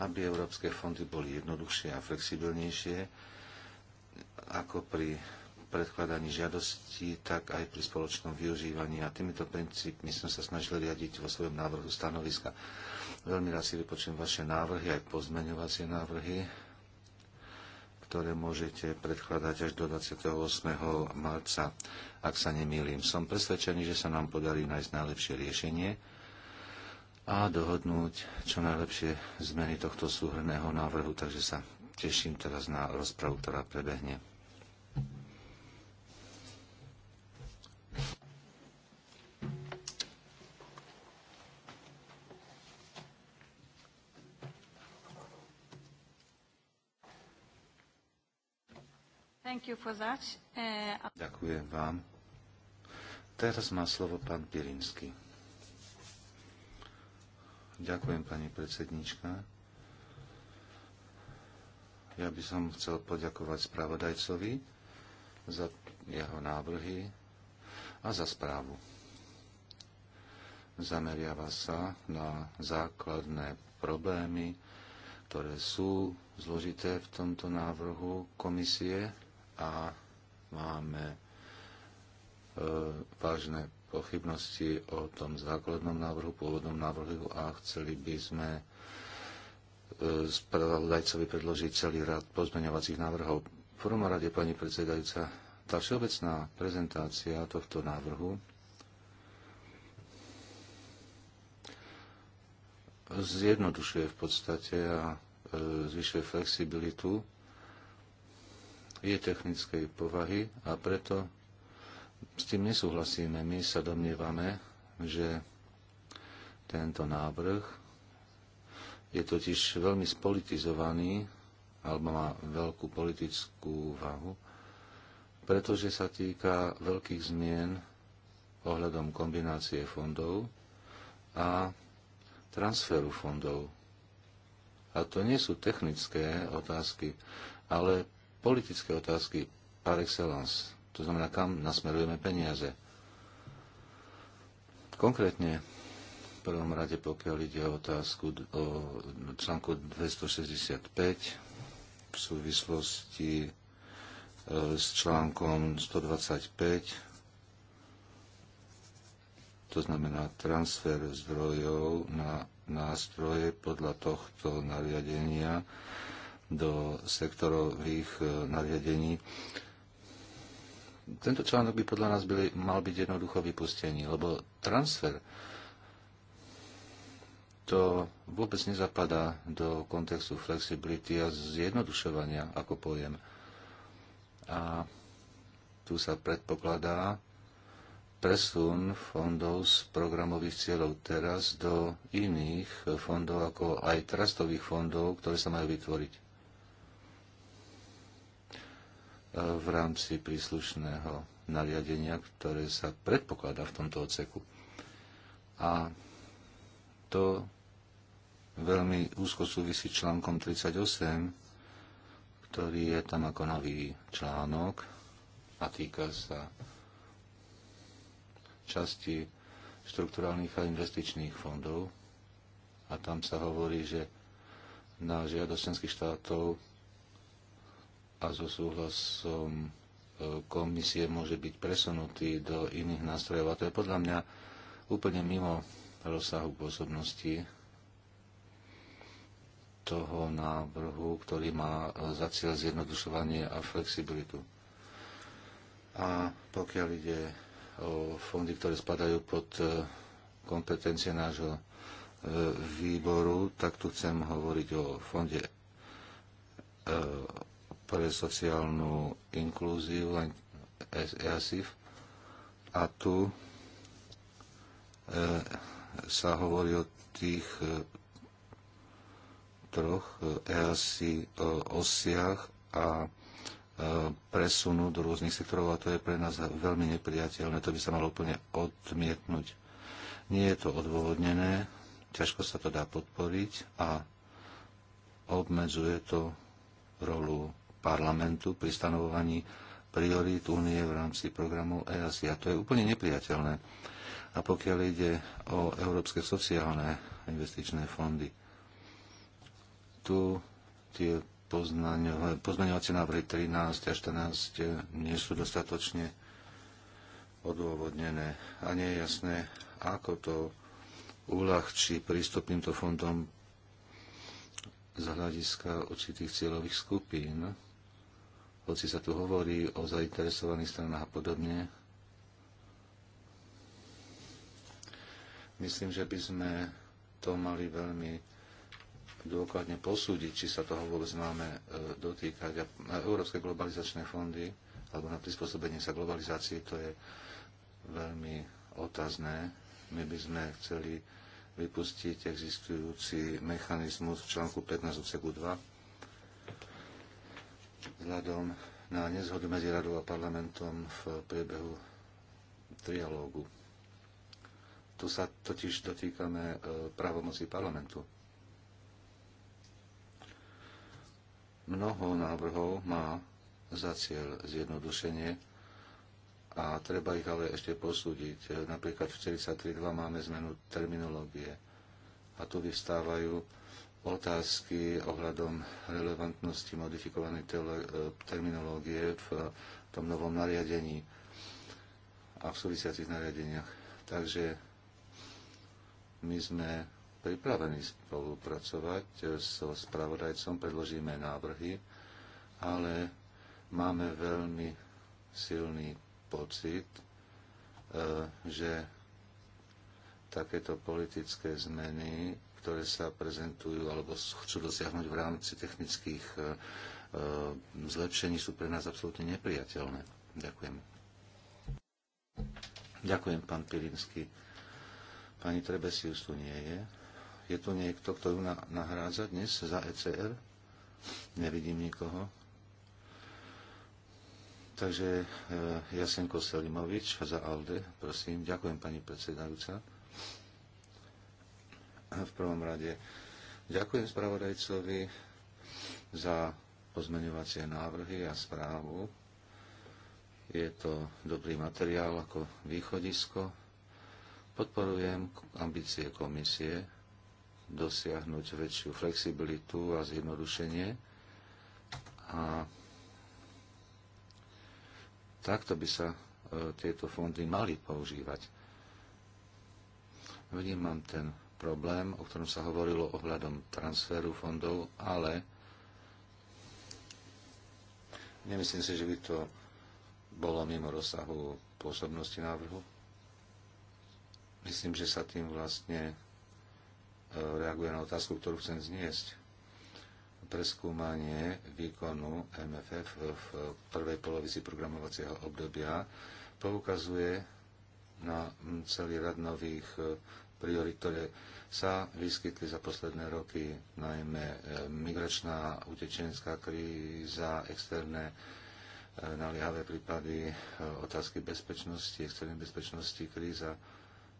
aby európske fondy boli jednoduchšie a flexibilnejšie ako pri predkladaní žiadostí, tak aj pri spoločnom využívaní. A týmito princípmi som sa snažil riadiť vo svojom návrhu stanoviska. Veľmi rád si vypočujem vaše návrhy, aj pozmeňovacie návrhy ktoré môžete predkladať až do 28. marca, ak sa nemýlim. Som presvedčený, že sa nám podarí nájsť najlepšie riešenie a dohodnúť čo najlepšie zmeny tohto súhrného návrhu, takže sa teším teraz na rozpravu, ktorá prebehne. Uh... Ďakujem vám. Teraz má slovo pán Pirinsky. Ďakujem, pani predsednička. Ja by som chcel poďakovať spravodajcovi za jeho návrhy a za správu. Zameriava sa na základné problémy, ktoré sú zložité v tomto návrhu komisie a máme e, vážne pochybnosti o tom základnom návrhu, pôvodnom návrhu a chceli by sme e, spravodajcovi predložiť celý rad pozmeňovacích návrhov. V prvom rade, pani predsedajúca, tá všeobecná prezentácia tohto návrhu zjednodušuje v podstate a e, zvyšuje flexibilitu je technickej povahy a preto s tým nesúhlasíme. My sa domnievame, že tento návrh je totiž veľmi spolitizovaný alebo má veľkú politickú váhu, pretože sa týka veľkých zmien ohľadom kombinácie fondov a transferu fondov. A to nie sú technické otázky, ale politické otázky par excellence. To znamená, kam nasmerujeme peniaze. Konkrétne v prvom rade, pokiaľ ide o otázku o článku 265 v súvislosti e, s článkom 125, to znamená transfer zdrojov na nástroje podľa tohto nariadenia do sektorových e, nariadení. Tento článok by podľa nás byli, mal byť jednoducho vypustený, lebo transfer to vôbec nezapadá do kontextu flexibility a zjednodušovania ako pojem. A tu sa predpokladá presun fondov z programových cieľov teraz do iných fondov ako aj trastových fondov, ktoré sa majú vytvoriť. v rámci príslušného nariadenia, ktoré sa predpokladá v tomto oceku. A to veľmi úzko súvisí článkom 38, ktorý je tam ako nový článok a týka sa časti štrukturálnych a investičných fondov. A tam sa hovorí, že na žiadosť členských štátov a so súhlasom e, komisie môže byť presunutý do iných nástrojov. A to je podľa mňa úplne mimo rozsahu pôsobnosti toho návrhu, ktorý má za cieľ zjednodušovanie a flexibilitu. A pokiaľ ide o fondy, ktoré spadajú pod e, kompetencie nášho e, výboru, tak tu chcem hovoriť o fonde pre sociálnu inklúziu, ESIF e a tu e, sa hovorí o tých e, troch EASI osiach a presunú do rôznych sektorov a to je pre nás veľmi nepriateľné. To by sa malo úplne odmietnúť. Nie je to odôvodnené, ťažko sa to dá podporiť a obmedzuje to rolu parlamentu pri stanovovaní priorít únie v rámci programu e a To je úplne nepriateľné. A pokiaľ ide o európske sociálne investičné fondy, tu tie pozmeňovacie návrhy 13 a 14 nie sú dostatočne odôvodnené a nie je jasné, ako to uľahčí prístup týmto fondom z hľadiska určitých cieľových skupín hoci sa tu hovorí o zainteresovaných stranách a podobne, myslím, že by sme to mali veľmi dôkladne posúdiť, či sa toho vôbec máme e, dotýkať. A Európske globalizačné fondy alebo na prispôsobenie sa globalizácii, to je veľmi otázne. My by sme chceli vypustiť existujúci mechanizmus v článku 15 odseku 2 vzhľadom na nezhodu medzi radou a parlamentom v priebehu trialógu. Tu sa totiž dotýkame e, právomocí parlamentu. Mnoho návrhov má za cieľ zjednodušenie a treba ich ale ešte posúdiť. E, napríklad v 43.2 máme zmenu terminológie a tu vystávajú otázky ohľadom relevantnosti modifikovanej e, terminológie v tom novom nariadení a v súvisiacich nariadeniach. Takže my sme pripravení spolupracovať e, so spravodajcom, predložíme návrhy, ale máme veľmi silný pocit, e, že takéto politické zmeny ktoré sa prezentujú alebo chcú dosiahnuť v rámci technických e, e, zlepšení sú pre nás absolútne nepriateľné. Ďakujem. Ďakujem, pán Pilinsky. Pani Trebesius tu nie je. Je tu niekto, kto ju nahrádza dnes za ECR? Nevidím nikoho. Takže e, Jasenko Selimovič za ALDE, prosím. Ďakujem, pani predsedajúca v prvom rade ďakujem spravodajcovi za pozmeňovacie návrhy a správu. Je to dobrý materiál ako východisko. Podporujem ambície komisie dosiahnuť väčšiu flexibilitu a zjednodušenie. A takto by sa e, tieto fondy mali používať. Vnímam ten problém, o ktorom sa hovorilo ohľadom transferu fondov, ale nemyslím si, že by to bolo mimo rozsahu pôsobnosti návrhu. Myslím, že sa tým vlastne e, reaguje na otázku, ktorú chcem zniesť. Preskúmanie výkonu MFF v prvej polovici programovacieho obdobia poukazuje na celý rad nových e, priorit, ktoré sa vyskytli za posledné roky, najmä e, migračná, utečenská kríza, externé e, naliehavé prípady, e, otázky bezpečnosti, externej bezpečnosti, kríza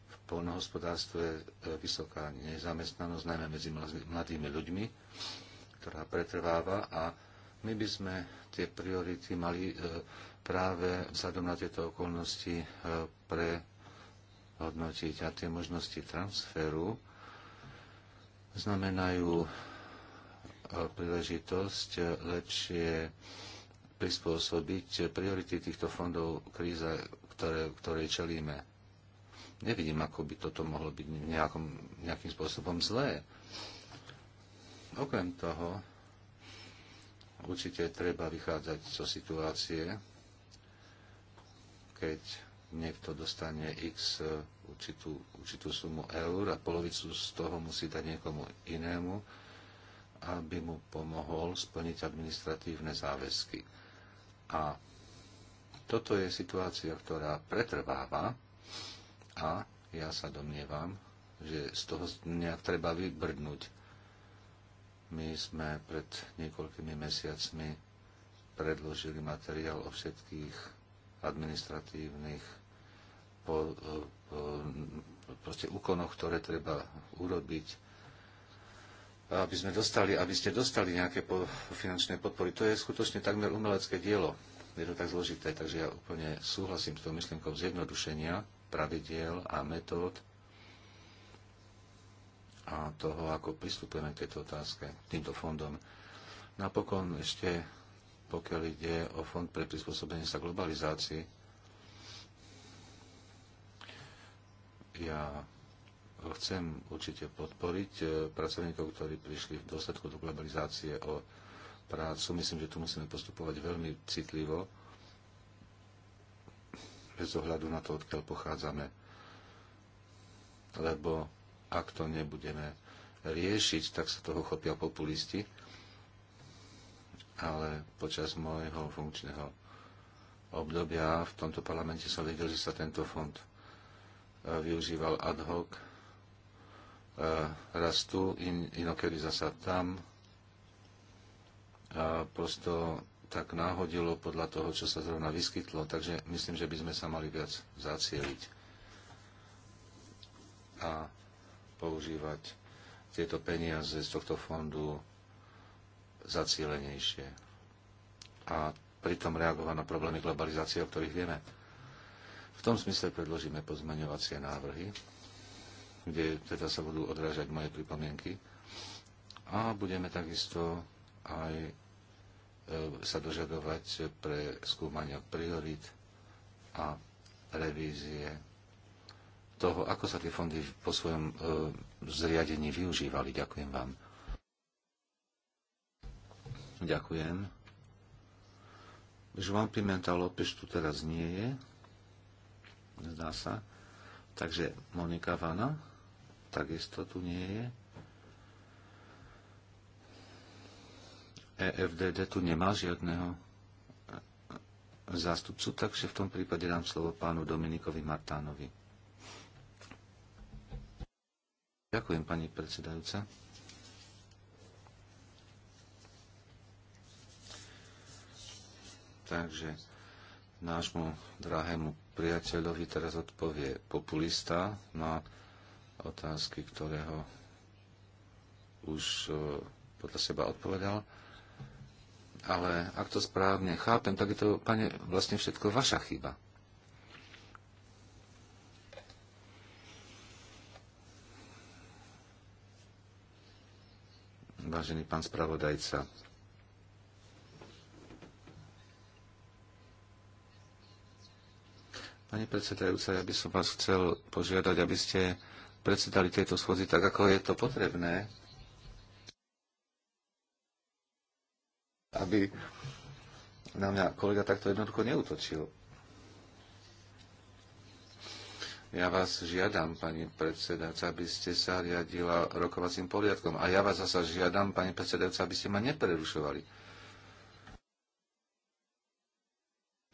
v polnohospodárstve, vysoká nezamestnanosť, najmä medzi mladými ľuďmi, ktorá pretrváva a my by sme tie priority mali práve vzhľadom na tieto okolnosti pre hodnotiť a tie možnosti transferu znamenajú e, príležitosť lepšie prispôsobiť priority týchto fondov kríze, ktoré, ktorej čelíme. Nevidím, ako by toto mohlo byť nejakom, nejakým spôsobom zlé. Okrem toho, určite treba vychádzať zo situácie, keď niekto dostane x e, určitú, určitú sumu eur a polovicu z toho musí dať niekomu inému, aby mu pomohol splniť administratívne záväzky. A toto je situácia, ktorá pretrváva a ja sa domnievam, že z toho nejak treba vybrdnúť. My sme pred niekoľkými mesiacmi predložili materiál o všetkých administratívnych po, eh, po proste úkonoch, ktoré treba urobiť, aby sme dostali, aby ste dostali nejaké po, finančné podpory. To je skutočne takmer umelecké dielo. Je to tak zložité, takže ja úplne súhlasím s tou myšlienkou zjednodušenia pravidiel a metód a toho, ako pristupujeme k tejto otázke, k týmto fondom. Napokon ešte, pokiaľ ide o fond pre prispôsobenie sa globalizácii, Ja chcem určite podporiť e, pracovníkov, ktorí prišli v dôsledku do globalizácie o prácu. Myslím, že tu musíme postupovať veľmi citlivo, bez ohľadu na to, odkiaľ pochádzame. Lebo ak to nebudeme riešiť, tak sa toho chopia populisti. Ale počas môjho funkčného obdobia v tomto parlamente som vedel, že sa tento fond využíval ad hoc e, raz tu, in, inokedy zasa tam. A prosto tak náhodilo podľa toho, čo sa zrovna vyskytlo, takže myslím, že by sme sa mali viac zacieliť a používať tieto peniaze z tohto fondu zacielenejšie a pritom reagovať na problémy globalizácie, o ktorých vieme. V tom smysle predložíme pozmeňovacie návrhy, kde teda sa budú odrážať moje pripomienky a budeme takisto aj e, sa dožadovať pre skúmania priorit a revízie toho, ako sa tie fondy po svojom e, zriadení využívali. Ďakujem vám. Ďakujem. Žván pimenta opäť tu teraz nie je zdá sa. Takže Monika Vana takisto tu nie je. EFDD tu nemá žiadneho e, zástupcu, takže v tom prípade dám slovo pánu Dominikovi Martánovi. Ďakujem, pani predsedajúca. Takže nášmu drahému priateľovi teraz odpovie populista na otázky, ktorého už e, podľa seba odpovedal. Ale ak to správne chápem, tak je to, pane, vlastne všetko vaša chyba. Vážený pán spravodajca, Pani predsedajúca, ja by som vás chcel požiadať, aby ste predsedali tejto schôdzi tak, ako je to potrebné, aby na mňa kolega takto jednoducho neutočil. Ja vás žiadam, pani predsedajúca, aby ste sa riadila rokovacím poriadkom. A ja vás zasa žiadam, pani predsedajúca, aby ste ma neprerušovali.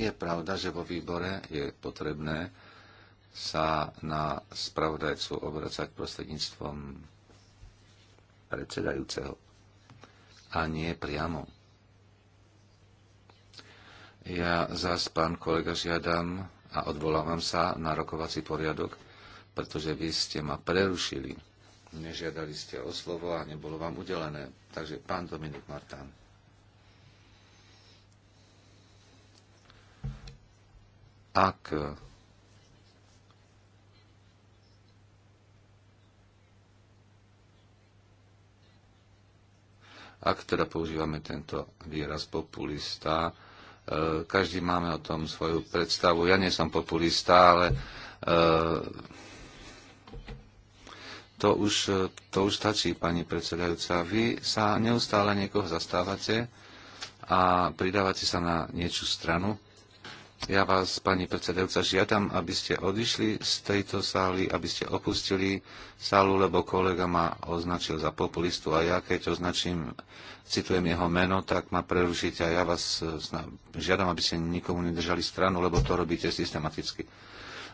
Je pravda, že vo výbore je potrebné sa na spravodajcu obracať prostredníctvom predsedajúceho a nie priamo. Ja zás, pán kolega, žiadam a odvolávam sa na rokovací poriadok, pretože vy ste ma prerušili. Nežiadali ste o slovo a nebolo vám udelené. Takže pán Dominik Martán. ak eh, ak teda používame tento výraz populista, eh, každý máme o tom svoju predstavu. Ja nie som populista, ale eh, to už, to už stačí, pani predsedajúca. Vy sa neustále niekoho zastávate a pridávate sa na niečú stranu. Ja vás, pani predsedajúca, žiadam, aby ste odišli z tejto sály, aby ste opustili sálu, lebo kolega ma označil za populistu a ja keď označím, citujem jeho meno, tak ma prerušíte a ja vás e, žiadam, aby ste nikomu nedržali stranu, lebo to robíte systematicky.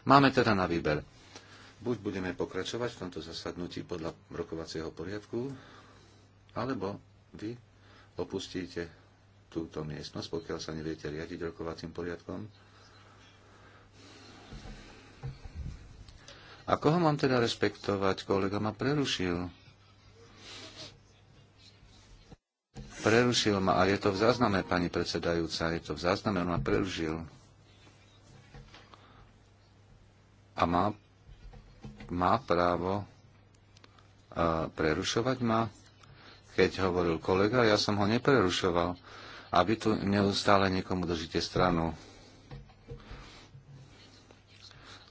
Máme teda na výber. Buď budeme pokračovať v tomto zasadnutí podľa rokovacieho poriadku, alebo vy opustíte túto miestnosť, pokiaľ sa neviete riadiť rokovacím poriadkom. A koho mám teda respektovať Kolega ma prerušil. Prerušil ma a je to v zázname, pani predsedajúca, je to v zázname, on ma prerušil. A má, má právo prerušovať ma? Keď hovoril kolega, ja som ho neprerušoval. A vy tu neustále niekomu držíte stranu.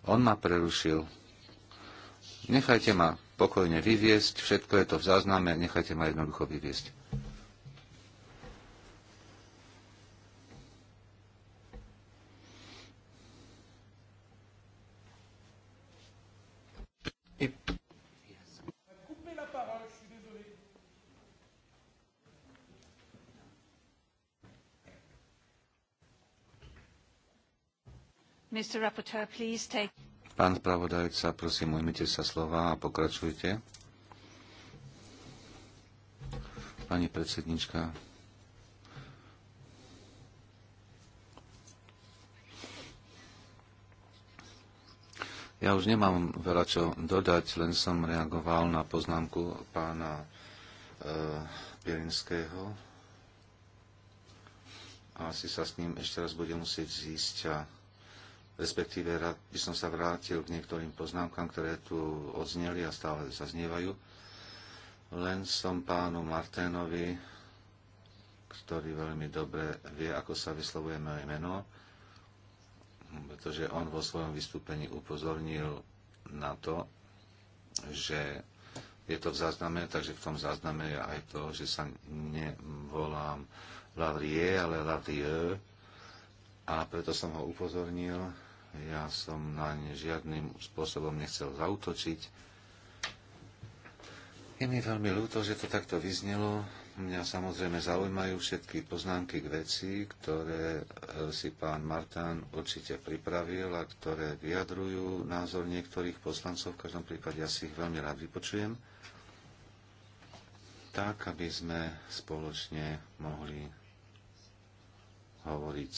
On ma prerušil. Nechajte ma pokojne vyviesť, všetko je to v zázname, nechajte ma jednoducho vyviesť. I Pán spravodajca, prosím, ujmite sa slova a pokračujte. Pani predsednička. Ja už nemám veľa čo dodať, len som reagoval na poznámku pána e, Pierinského. Asi sa s ním ešte raz budem musieť zísť a respektíve rád by som sa vrátil k niektorým poznámkam, ktoré tu odzneli a stále znievajú. Len som pánu Marténovi, ktorý veľmi dobre vie, ako sa vyslovuje moje meno, pretože on vo svojom vystúpení upozornil na to, že je to v zázname, takže v tom zázname je aj to, že sa nevolám Lavrie, ale Lavrie, a preto som ho upozornil ja som na ne žiadnym spôsobom nechcel zautočiť. Je mi veľmi ľúto, že to takto vyznelo. Mňa samozrejme zaujímajú všetky poznámky k veci, ktoré e, si pán Martán určite pripravil a ktoré vyjadrujú názor niektorých poslancov. V každom prípade ja si ich veľmi rád vypočujem tak, aby sme spoločne mohli hovoriť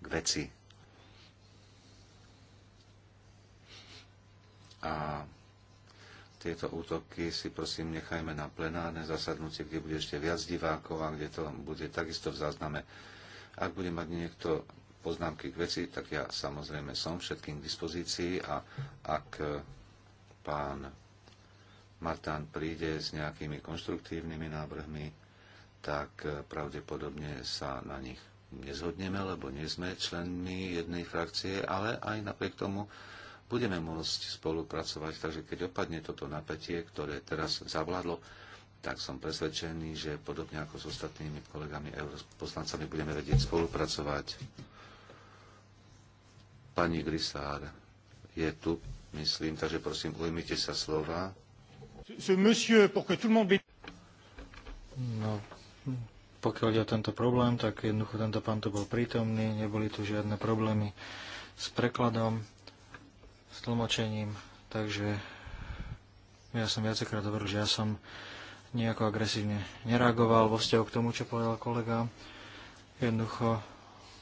k veci. A tieto útoky si prosím nechajme na plenárne zasadnutie, kde bude ešte viac divákov a kde to bude takisto v zázname. Ak bude mať niekto poznámky k veci, tak ja samozrejme som všetkým k dispozícii a ak pán Martán príde s nejakými konštruktívnymi návrhmi, tak pravdepodobne sa na nich nezhodneme, lebo nie sme členmi jednej frakcie, ale aj napriek tomu budeme môcť spolupracovať. Takže keď opadne toto napätie, ktoré teraz zavládlo, tak som presvedčený, že podobne ako s ostatnými kolegami europoslancami budeme vedieť spolupracovať. Pani Grisár je tu, myslím, takže prosím, ujmite sa slova. No, pokiaľ ide o tento problém, tak jednoducho tento pán tu bol prítomný, neboli tu žiadne problémy s prekladom s tlmočením, takže ja som viacekrát hovoril, že ja som nejako agresívne nereagoval vo vzťahu k tomu, čo povedal kolega. Jednoducho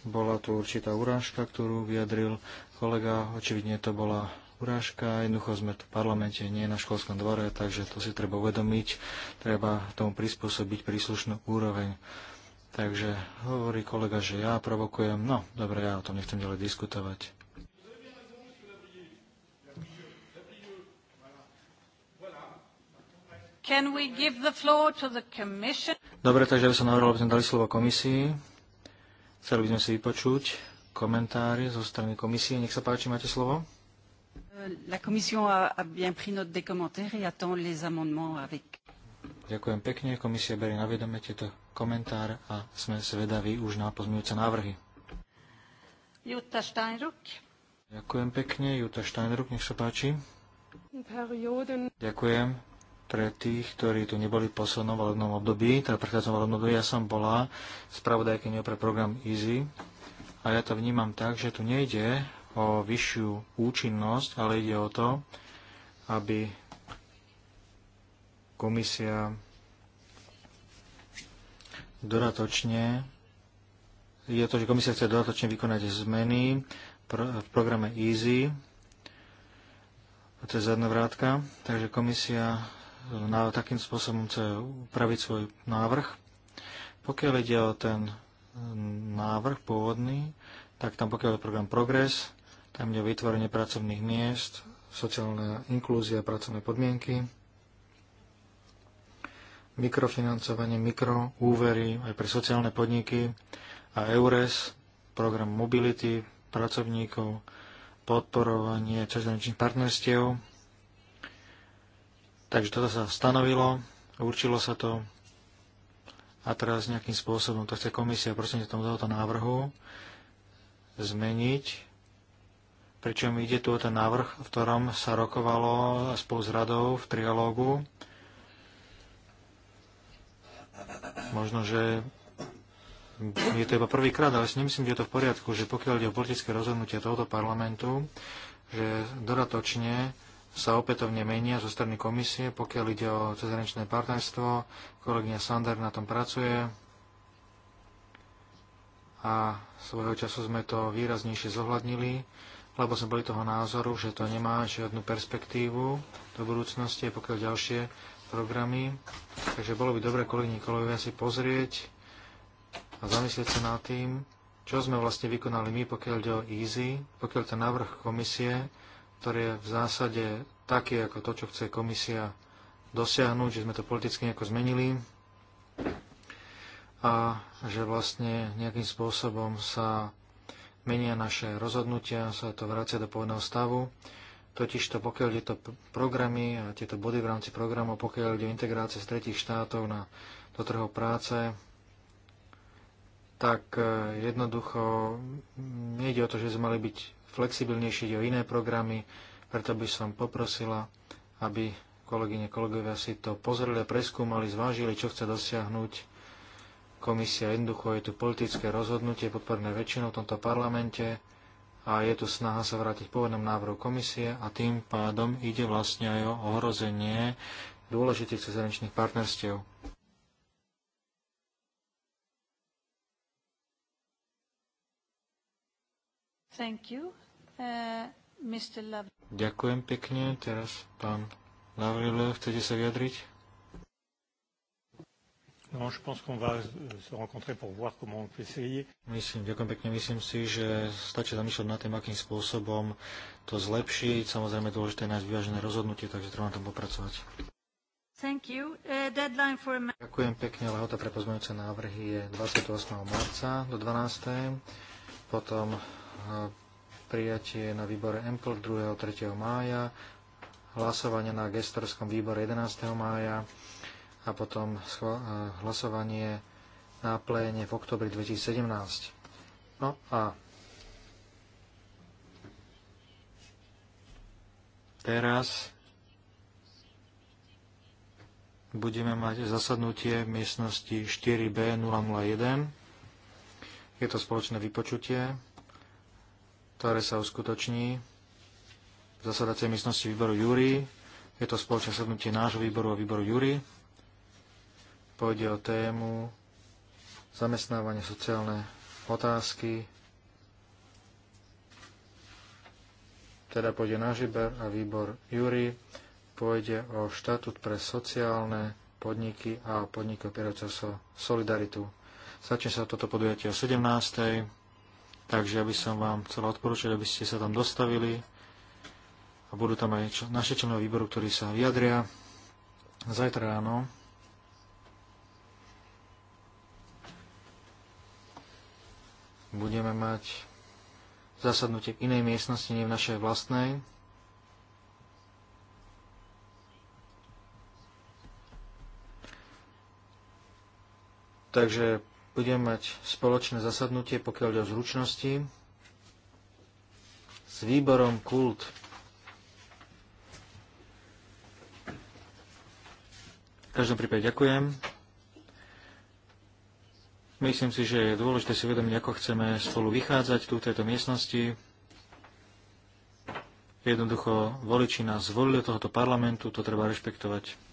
bola tu určitá urážka, ktorú vyjadril kolega. Očividne to bola urážka. Jednoducho sme tu v parlamente, nie na školskom dvore, takže to si treba uvedomiť. Treba tomu prispôsobiť príslušnú úroveň. Takže hovorí kolega, že ja provokujem. No, dobre, ja o tom nechcem ďalej diskutovať. Can we give the floor to the commission? Dobre, takže by som navrhol, aby sme dali slovo komisii. Chceli by sme si vypočuť komentáry zo strany komisie. Nech sa páči, máte slovo. La commission a, a bien pris note des commentaires et attend les amendements avec... Ďakujem pekne, komisia berie na vedomie tieto komentáre a sme zvedaví už na pozmeňujúce návrhy. Jutta Steinruck. Ďakujem pekne, Jutta Steinruck, nech sa páči. Ďakujem pre tých, ktorí tu neboli v poslednom volebnom období, teda predchádzom volebnom období, ja som bola spravodajkyňou pre program EASY a ja to vnímam tak, že tu nejde o vyššiu účinnosť, ale ide o to, aby komisia dodatočne je to, že komisia chce dodatočne vykonať zmeny v programe EASY, to je zadná vrátka, takže komisia na takým spôsobom chce upraviť svoj návrh. Pokiaľ ide o ten e, návrh pôvodný, tak tam pokiaľ je program Progress, tam ide o vytvorenie pracovných miest, sociálna inklúzia, pracovné podmienky, mikrofinancovanie, mikroúvery aj pre sociálne podniky a EURES, program mobility pracovníkov, podporovanie cezhraničných partnerstiev, Takže toto sa stanovilo, určilo sa to a teraz nejakým spôsobom to chce komisia prosím tohoto návrhu zmeniť. Pričom ide tu o ten návrh, v ktorom sa rokovalo spolu s radou v trialógu. Možno, že je to iba prvýkrát, ale si nemyslím, že je to v poriadku, že pokiaľ ide o politické rozhodnutie tohoto parlamentu, že doratočne sa opätovne menia zo strany komisie, pokiaľ ide o cezhraničné partnerstvo. Kolegyňa Sander na tom pracuje a svojho času sme to výraznejšie zohľadnili, lebo sme boli toho názoru, že to nemá žiadnu perspektívu do budúcnosti, pokiaľ ďalšie programy. Takže bolo by dobre kolegyni kolegovia si pozrieť a zamyslieť sa nad tým, čo sme vlastne vykonali my, pokiaľ ide o EASY, pokiaľ ten návrh komisie ktorý je v zásade taký, ako to, čo chce komisia dosiahnuť, že sme to politicky nejako zmenili a že vlastne nejakým spôsobom sa menia naše rozhodnutia, sa to vracia do pôvodného stavu. Totižto pokiaľ tieto programy a tieto body v rámci programov, pokiaľ ide integrácia z tretich štátov na, do trhu práce, tak eh, jednoducho nejde o to, že sme mali byť flexibilnejšie ide o iné programy, preto by som poprosila, aby kolegyne, kolegovia si to pozreli, preskúmali, zvážili, čo chce dosiahnuť komisia. Jednoducho je tu politické rozhodnutie podporné väčšinou v tomto parlamente a je tu snaha sa vrátiť pôvodnom návrhu komisie a tým pádom ide vlastne aj o ohrozenie dôležitých cezhraničných partnerstiev. Thank you. Ďakujem pekne. Teraz pán Lavrilo, chcete sa vyjadriť? No, Myslím, ďakujem pekne. Myslím si, že stačí zamýšľať nad tým, akým spôsobom to zlepšiť. Samozrejme, dôležité je nájsť vyvážené rozhodnutie, takže treba na tom popracovať. Thank you. Uh, deadline for... Ďakujem pekne. Lehota pre pozmeňujúce návrhy je 28. marca do 12. Potom uh, prijatie na výbore MKL 2. 3. mája, hlasovanie na gestorskom výbore 11. mája a potom hlasovanie na pléne v oktobri 2017. No a teraz budeme mať zasadnutie v miestnosti 4B001. Je to spoločné vypočutie ktoré sa uskutoční v zasadacej miestnosti výboru Júri. Je to spoločné sednutie nášho výboru a výboru Júri. Pôjde o tému zamestnávanie sociálne otázky. Teda pôjde náš výber a výbor Júri. Pôjde o štatút pre sociálne podniky a podnikov operátorstva Solidaritu. Začne sa toto podujatie o 17. Takže ja by som vám chcel odporúčať, aby ste sa tam dostavili a budú tam aj čo, naše členové výboru, ktorí sa vyjadria zajtra ráno. Budeme mať zasadnutie v inej miestnosti, nie v našej vlastnej. Takže Budeme mať spoločné zasadnutie, pokiaľ ide o zručnosti, s výborom kult. V každom prípade ďakujem. Myslím si, že je dôležité si uvedomiť, ako chceme spolu vychádzať tu v tejto miestnosti. Jednoducho voliči nás zvolili tohoto parlamentu, to treba rešpektovať.